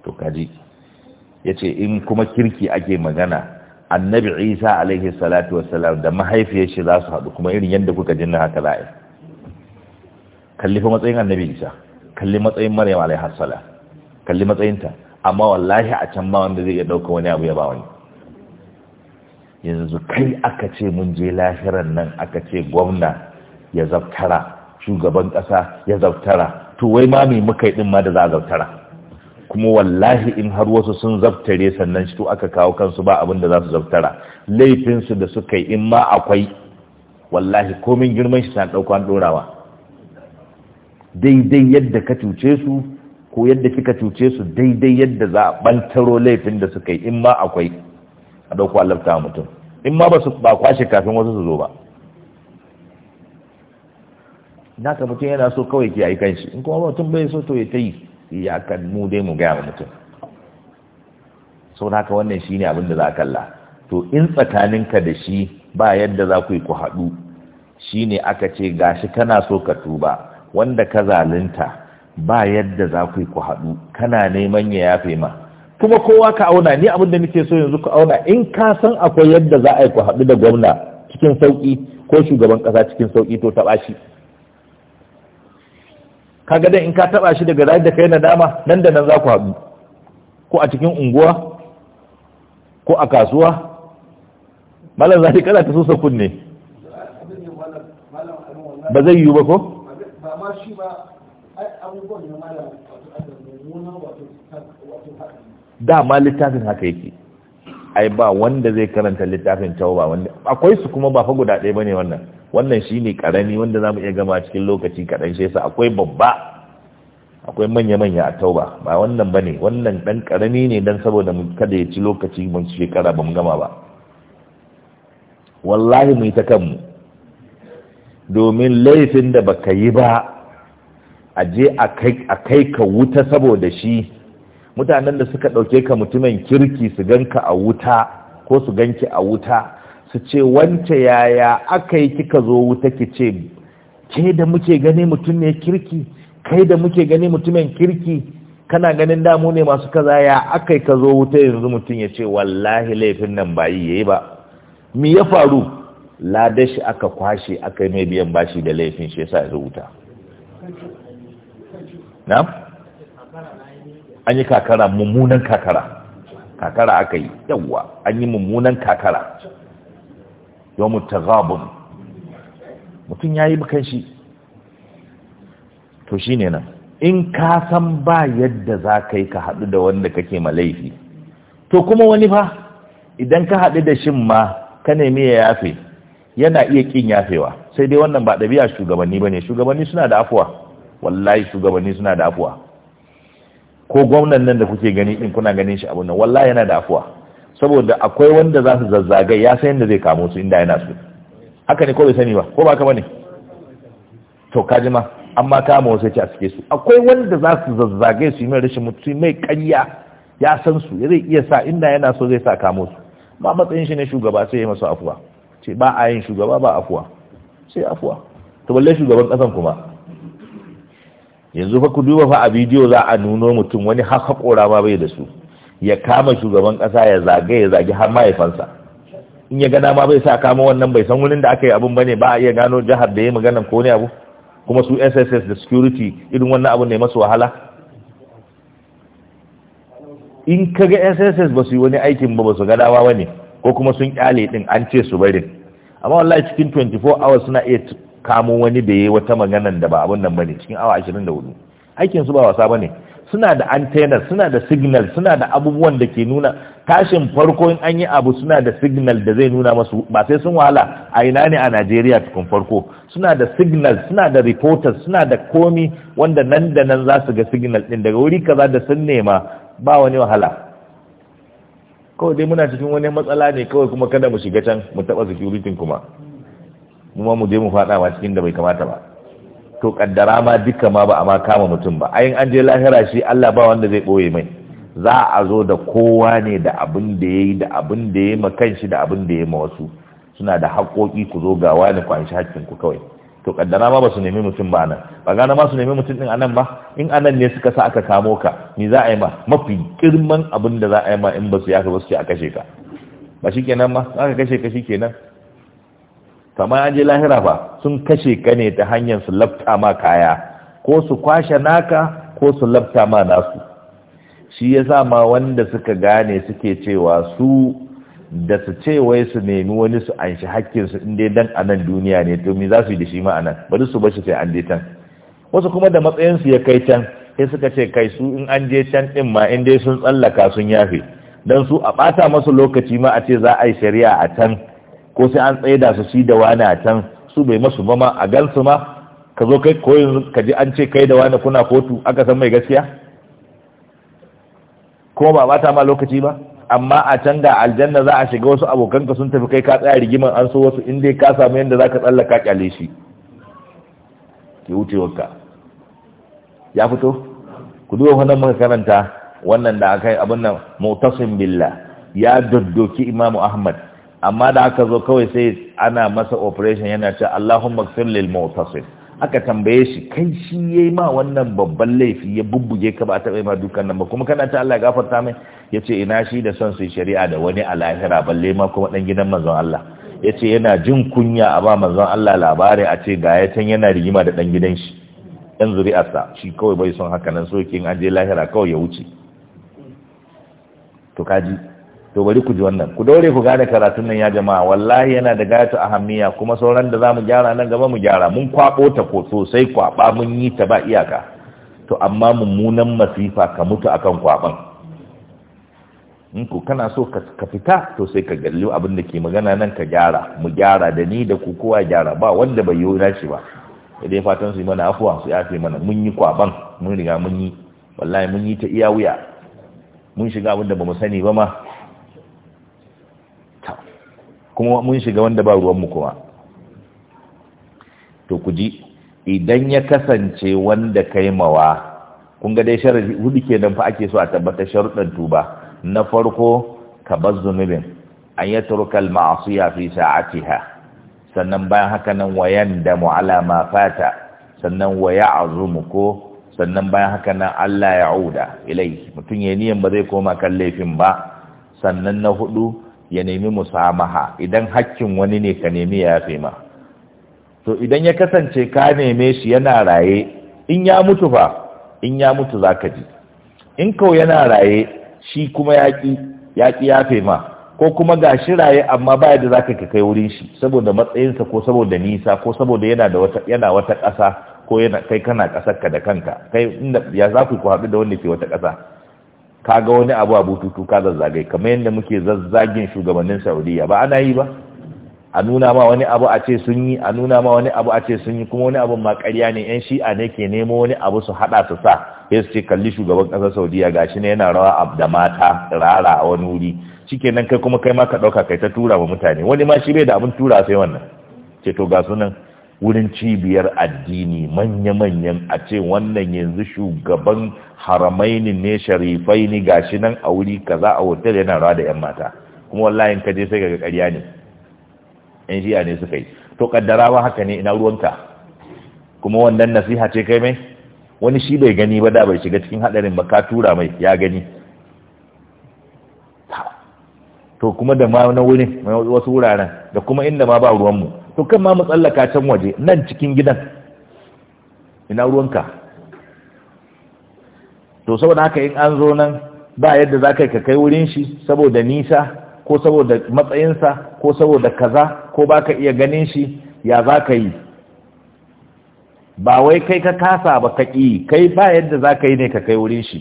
to kaji ya ce in kuma kirki ake magana annabi isa alaihi salatu salam da mahaifiyarshi shi za su haɗu kuma irin yadda kuka jinna haka za'a kalli fa matsayin annabi isa kalli matsayin maryam alaihi salam kalli matsayinta amma wallahi a can ma wanda zai iya ɗauka wani abu ya ba wani yanzu kai aka ce mun je lahiran nan aka ce gwamna ya zaftara shugaban ƙasa ya zabtara, to wai ma mai muka yi ɗin ma da za a zaftara kuma wallahi in har wasu sun zabtare sannan shi to aka kawo kansu ba abin da za su zabtara laifinsu da suka yi in ma akwai wallahi komin girman shi san ɗaukan ɗorawa daidai yadda ka cuce su ko yadda kika cuce su daidai yadda za a ɓantaro laifin da suka yi in ma akwai a ɗauko allafta mutum in ma ba su ba kwashe kafin wasu su zo ba naka mutum yana so kawai ke aikan shi in kuma mutum bai so to ya ta yi kan mu dai mu gaya wa mutum sau haka wannan shi ne abinda za kalla to in tsakaninka da shi ba yadda za ku yi ku haɗu shi ne aka ce gashi kana so ka tuba wanda ka zalunta ba yadda za ku yi ku haɗu kana neman ya yafe ma kuma kowa ka auna ni abin da nake so yanzu ku auna in ka san akwai yadda za a yi ku haɗu da gwamna cikin sauƙi ko shugaban ƙasa cikin sauƙi to taɓa shi kaga dan in ka taba shi daga rayar da kai na dama? nan da nan za ku haɗu ko a cikin unguwa ko a kasuwa malam zai kada ta sosa kunne ba zai yiwu ba ko ba ma shi ba da dama littafin haka yake ai ba wanda zai karanta littafin ba wanda akwai su kuma ba fa guda ɗaya bane wannan wannan shine karami wanda zamu iya gama cikin lokaci kadan shi yasa akwai babba akwai manya-manya a tauba ba wannan bane wannan dan karami ne dan saboda kada ya ci lokaci mun shekara ba mun gama ba wallahi mu yi ta kanmu domin laifin da baka yi ba a je a kai ka wuta saboda shi mutanen da suka ɗauke ka mutumin kirki su ganka a wuta ko su ganki a wuta su ce wance yaya aka yi kika zo wuta ki ce ke da muke gani mutum ne kirki kai da muke gani mutumin kirki kana ganin damu ne masu kaza ya aka yi ka zo wuta yanzu mutum ya ce wallahi laifin nan ba yi yayi ba me ya faru ladashi aka kwashe aka yi mai biyan bashi da laifin shi yasa ya zo wuta na? an yi kakara mummunan kakara kakara aka yi yawwa an yi mummunan kakara yawon tagabun mutum ya yi bukan shi to shi ne nan in ka san ba yadda za ka yi ka haɗu da wanda kake malaifi to kuma wani fa idan ka haɗu da shin ma ka nemi ya yafe yana iya ƙin yafewa sai dai wannan ba ɗabi'a shugabanni ba ne shugabanni suna da afuwa wallahi shugabanni suna da afuwa ko gwamnan nan da kuke gani in kuna ganin shi abin nan wallahi yana da afuwa saboda akwai wanda za su zazzagai ya san yadda zai kamo su inda yana su haka ne ko bai sani ba ko ba ka bane to kaji ma amma kama wasu ce a suke su akwai wanda za su zazzagai su yi mai rashin mutu mai ƙarya ya san su zai iya sa inda yana so zai sa kamo su ba matsayin shi ne shugaba sai ya masu afuwa ce ba a yin shugaba ba afuwa sai afuwa to balle shugaban ƙasan kuma yanzu fa ku duba fa a bidiyo za a nuno mutum wani har haƙora ma bai da su ya kama shugaban kasa ya zage ya zage har mahaifansa in ya gana ma bai sa kama wannan bai san wurin da aka yi abun bane ba a iya gano jihar da ya magana ko ne abu kuma su SSS da security irin wannan abu ne masu wahala in kaga SSS ba su yi wani aikin ba ba su gadawa wani ko kuma sun kyale din an ce su barin amma wallahi cikin 24 hours suna iya kamo wani da ya yi wata maganan da ba abun nan bane cikin awa 24 aikin su ba wasa bane suna da antenna suna da signal suna da abubuwan da ke nuna tashin farko in an yi abu suna da signal da zai nuna masu ba sai sun wahala a ina ne a Najeriya tukun farko suna da signal suna da reporters suna da komi wanda nan da nan za su ga signal din daga wuri kaza da sun nema ba wani wahala kawai dai muna cikin wani matsala ne kawai kuma kada mu shiga can mu taba security kuma mu ma mu je mu wa cikin da bai kamata ba to kaddara ma duka ma ba a ma kama mutum ba ayin an je lahira shi Allah ba wanda zai boye mai za a zo da kowa ne da abin da yayi da abin da yayi ma kanshi da abin da yayi ma wasu suna da haƙoƙi ku zo ga wani kwanci hakkin ku kawai to kaddara ma ba su nemi mutum ba nan ba gana ma su nemi mutum din anan ba in anan ne suka sa aka kamo ka ni za a yi ma mafi girman abin da za a yi ma in ba su yaka ba su ce a kashe ka ba shikenan ma aka kashe ka shikenan kamar an je lahira ba sun kashe ka ne ta hanyar su lafta ma kaya ko su kwashe naka ko su lafta ma nasu shi ya sa ma wanda suka gane suke cewa su da su ce wai su nemi wani su an shi hakkinsu inda dan a duniya ne to me za su yi da shi ma a nan bari su bashi sai an je can wasu kuma da matsayinsu ya kai can sai suka ce kai su in an je can din ma inda sun tsallaka sun yafe dan su a ɓata masu lokaci ma a ce za a yi shari'a a can ko sai an da su shi da wani a can su bai masu ba ma a gansu ma ka zo kai ko yanzu ka ji an ce kai da wani kuna kotu aka san mai gaskiya kuma ba bata ma lokaci ba amma a can da aljanna za a shiga wasu abokan ka sun tafi kai ka tsaya rigiman an so wasu in dai ka samu yadda za ka tsallaka kyale shi Ki wuce wanka. ya fito ku duba wannan muka karanta wannan da aka abin nan mutasim billah ya doddoki imamu ahmad amma da aka zo kawai sai ana masa operation yana ce Allahumma gfir lil aka tambaye shi kai shi yayi ma wannan babban laifi ya bubbuge ka ba ta bai ma dukkan nan ba kuma kana ta Allah ya gafarta mai yace ina shi da son su shari'a da wani a lahira balle ma kuma ɗan gidan manzon Allah yace yana jin kunya a ba mazan Allah labari a ce ga can yana rigima da dan gidan shi yan zuri'arsa shi kawai bai son haka nan so an je lahira kawai ya wuce to kaji to bari ku ji wannan ku daure ku gane karatun nan ya jama'a wallahi yana da gayatu ahammiya kuma sauran da za mu gyara nan gaba mu gyara mun kwabo ta ko sosai kwaba mun yi ta ba iyaka to amma mummunan masifa ka mutu akan kwaban in ku kana so ka fita to sai ka galli abin da ke magana nan ka gyara mu gyara da ni da ku kowa gyara ba wanda bai yi nashi ba dai fatan su yi mana afuwa su fi mana mun yi kwaban mun riga mun yi wallahi mun yi ta iya wuya mun shiga abin da mu sani ba ma kuma mun shiga wanda ba ruwanmu kuma to ku ji idan ya kasance wanda kai mawa kun ga dai sharadi hudu kenan fa ake so a tabbatar sharuɗan tuba na farko ka bar zunubin an ya turkal ma'asiya fi sa'atiha sannan bayan haka nan wayan da mu'ala ma fata sannan waya azumu ko sannan bayan haka nan Allah ya auda ilai mutum ya niyan ba zai koma kan laifin ba sannan na hudu ya nemi musamaha idan hakkin wani ne ka nemi ya yafe ma to idan ya kasance ka neme shi yana raye in ya mutu fa in ya mutu zaka ji in kau yana raye shi kuma yaƙi yaƙi yafe ma ko kuma ga shi raye amma baya da zaka ka kai wurin shi saboda matsayinsa ko saboda nisa ko saboda yana da wata yana wata ƙasa ko yana kai kana ƙasar ka da kanka kai inda ya za ku haɗu da wanda ke wata ƙasa ka ga wani abu a bututu ka zazzagai kamar yadda muke zazzagin shugabannin saudiya ba ana yi ba a nuna ma wani abu a ce sun yi a nuna ma wani abu a ce sun yi kuma wani abu ma ƙarya ne yan shi'a ne ke nemo wani abu su haɗa su sa sai su ce kalli shugaban ƙasar saudiya shi ne yana rawa da mata rara a wani wuri cike nan kai kuma kai ma ka ɗauka kai ta tura wa mutane wani ma shi bai da abin tura sai wannan ce to ga sunan wurin cibiyar addini manya-manyan a ce wannan yanzu shugaban haramaini ne sharifai ne gashi nan a wuri kaza a hotel yana rawa da 'yan mata kuma wallahi ka je sai ga karya ne yan shiya ne suka yi to kaddarawa haka ne ina ruwanka kuma wannan nasiha ce kai mai wani shi bai gani ba da bai shiga cikin hadarin ba ka tura mai ya gani to kuma da ma na wurin wasu wuraren da kuma inda ma ba ruwanmu to kan ma mu tsallaka can waje nan cikin gidan ina ruwanka to saboda haka in an zo nan ba yadda za ka kai wurin shi saboda nisa ko saboda matsayinsa ko saboda kaza ko ba ka iya ganin shi ya za ka yi ba wai kai ka kasa ba ka ƙi kai ba yadda za ka yi ne ka kai wurin shi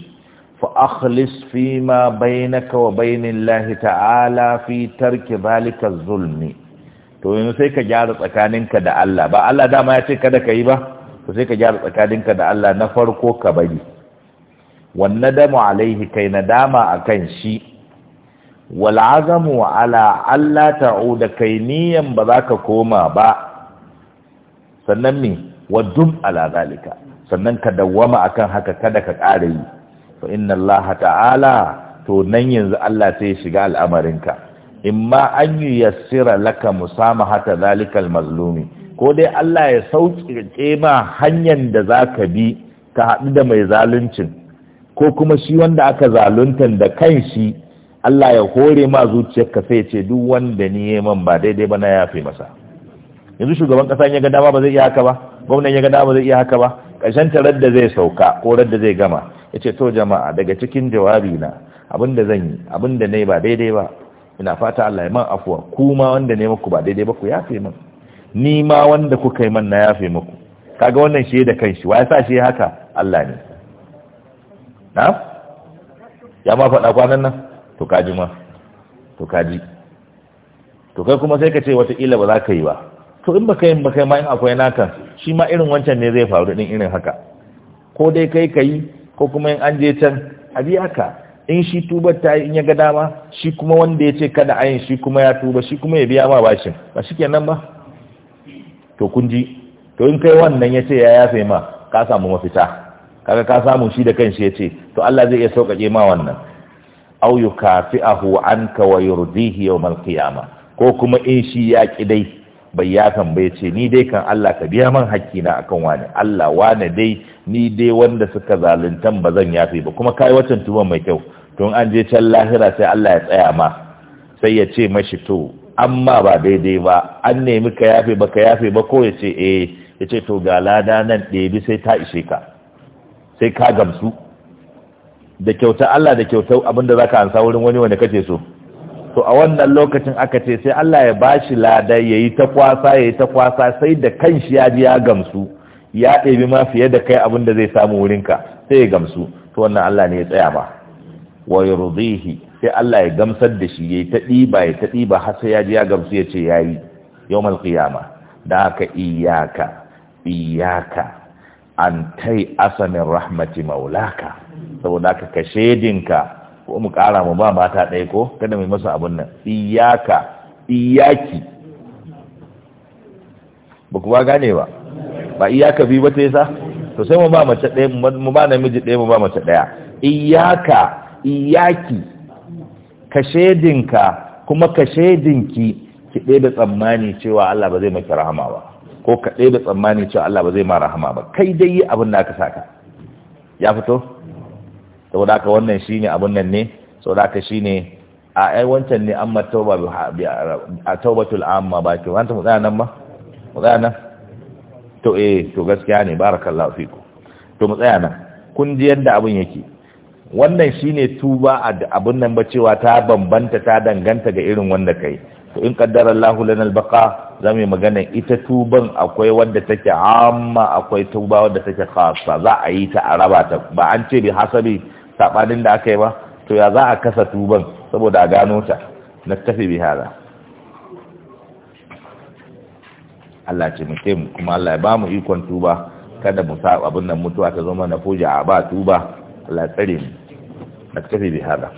fa akhlis fi ma bainaka wa bainillahi ta'ala fi tarki zalika zulmi to yanzu sai ka gyara tsakaninka da Allah ba Allah dama ya ce kada ka yi ba to sai ka gyara tsakaninka da Allah na farko ka bari Wanne damu alaihi kai nadama akan shi wal azamu ala Allah ta'uda kai niyan ba za ka koma ba sannan me wa dum ala zalika sannan ka dawwama akan haka kada ka ƙara yi fa inna Allah ta'ala to nan yanzu Allah sai ya shiga al'amarinka imma an yi yassira laka hata zalikal mazlumi ko dai Allah ya sauƙe ma hanyar da za ka bi ka haɗu da mai zaluncin ko kuma shi wanda aka zaluntan da kan shi Allah ya hore ma zuciyarka sai ce duk wanda ni man ba daidai ba na yafe masa yanzu shugaban ƙasa ya ga dama ba zai iya haka ba gwamnan ya ga dama ba zai iya haka ba ƙarshen tarar da zai sauka ko da zai gama ya ce to jama'a daga cikin jawabi na abin zan yi abin da na ba daidai ba ina fata Allah ya man afuwa ma wanda ne muku ba daidai ba ku yafe min ni ma wanda kuka yi man na yafe muku kaga wannan shi da kanshi wa yasa shi haka Allah ne na ya ma faɗa kwanan nan to kaji ma to kaji to kai kuma sai ka ce wata ila ba za ka yi ba to in baka yin ba kai ma in akwai naka shi ma irin wancan ne zai faru din irin haka ko dai kai ka yi ko kuma in an je can a biya ka in shi tubar ta in ya ga dama shi kuma wanda ya ce kada ayin shi kuma ya tuba shi kuma ya biya ma bashin ba shi kenan ba to kun ji to in kai wannan ya ce ya yafe ma ka samu mafita kaga ka samu shi da kan shi ya ce to Allah zai iya sauƙaƙe ma wannan au ahu anka wa yurdihi yawmal qiyamah ko kuma in shi ya ki dai bai ya tambaye ce ni dai kan Allah ka biya man na akan wani Allah wani dai ni dai wanda suka zaluntan ba zan yafe ba kuma kai watan tuban mai kyau don an je can lahira sai Allah ya tsaya ma sai ya ce mashi to amma ba daidai ba an nemi ka yafe ba ka yafe ba ko ya ce eh ya ce to ga lada nan ɗebi sai ta ishe ka sai ka gamsu da kyauta Allah da kyauta abinda zaka ansa wurin wani wanda kace so to a wannan lokacin aka ce sai Allah ya bashi lada yayi ta kwasa yayi ta kwasa sai da kan shi ya ji ya gamsu ya ɗebi ma fiye da kai abin da zai samu wurinka sai ya gamsu to wannan Allah ne ya tsaya ba wa yurdihi sai Allah ya gamsar da shi yayi ta ɗiba ya ta ɗiba har sai ya ji ya gamsu ya ce yayi yawmal qiyama da ka, iyaka iyaka an tai asamin rahmati maulaka saboda ka ka shedinka ko mu kara mu ba mata ɗaya ko kada mai masa abun nan iyaka iyaki ba ku ba gane ba ba iyaka bi ba ta yasa to sai mu ba mace ɗaya mu ba namiji ɗaya mu ba mace ɗaya iyaka iyaki ka shedinka kuma ka shedinki ki ɗaya da tsammani cewa Allah ba zai maki rahama ba ko ka ɗaya da tsammani cewa Allah ba zai ma rahama ba kai dai abun abin da aka saka ya fito saboda haka wannan shine abun nan ne saboda haka shine a ai wancan ne amma tauba bi a taubatul amma ba ke wanta mu tsaya nan ba mu tsaya nan to eh to gaskiya ne barakallahu fiku to mu tsaya nan kun ji yadda abin yake wannan shine tuba abun nan ba cewa ta bambanta ta danganta ga irin wanda kai to in qaddara Allahu lana albaqa mu yi magana ita tuban akwai wanda take amma akwai tuba wanda take khassa za a yi ta a raba ta ba an ce bi hasabi saɓanin da aka yi ba to ya za a kasa tuban saboda a gano ta na tafi bihara Allah ce mu mu kuma Allah ya ba mu ikon tuba kada mu sa abin nan mutuwa ta zama na fuja a ba tuba Allah tsare mu na tafi bihara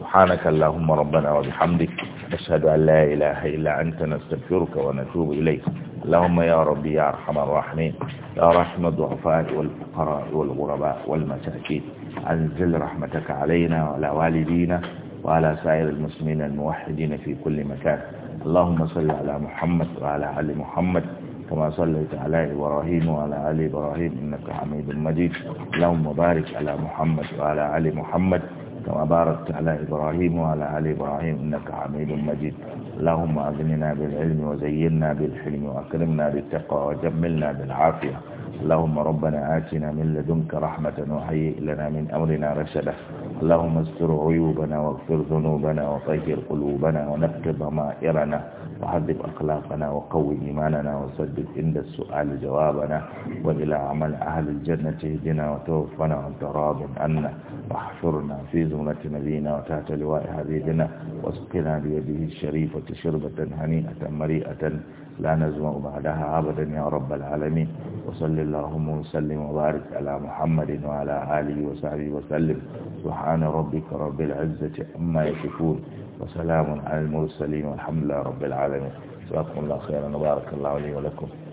سبحانك اللهم ربنا وبحمدك نشهد أن لا إله إلا أنت نستغفرك ونتوب إليك اللهم يا ربي يا أرحم الراحمين يا رحم الضعفاء والفقراء والغرباء والمساكين أنزل رحمتك علينا وعلى والدينا وعلى سائر المسلمين الموحدين في كل مكان اللهم صل على محمد وعلى آل محمد كما صليت على إبراهيم وعلى آل إبراهيم إنك حميد مجيد اللهم بارك على محمد وعلى آل محمد كما باركت على إبراهيم وعلى آل إبراهيم إنك حميد مجيد اللهم أغننا بالعلم وزينا بالحلم وأكرمنا بالتقوى وجملنا بالعافية اللهم ربنا آتنا من لدنك رحمة وهيئ لنا من أمرنا رشدا اللهم استر عيوبنا واغفر ذنوبنا وطهر قلوبنا ونقض ضمائرنا وحبب أخلاقنا وقوي إيماننا وسدد عند السؤال جوابنا وإلى عمل أهل الجنة اهدنا وتوفنا وانت راض أنا واحشرنا في زمرة نبينا وتحت لواء حبيبنا واسقنا بيده الشريفة شربة هنيئة مريئة لا نزمع بعدها أبدا يا رب العالمين وصل اللهم وسلم وبارك على محمد وعلى آله وصحبه وسلم سبحان ربك رب العزة عما يشكون وسلام على المرسلين والحمد لله رب العالمين جزاكم الله خيرا وبارك الله لي ولكم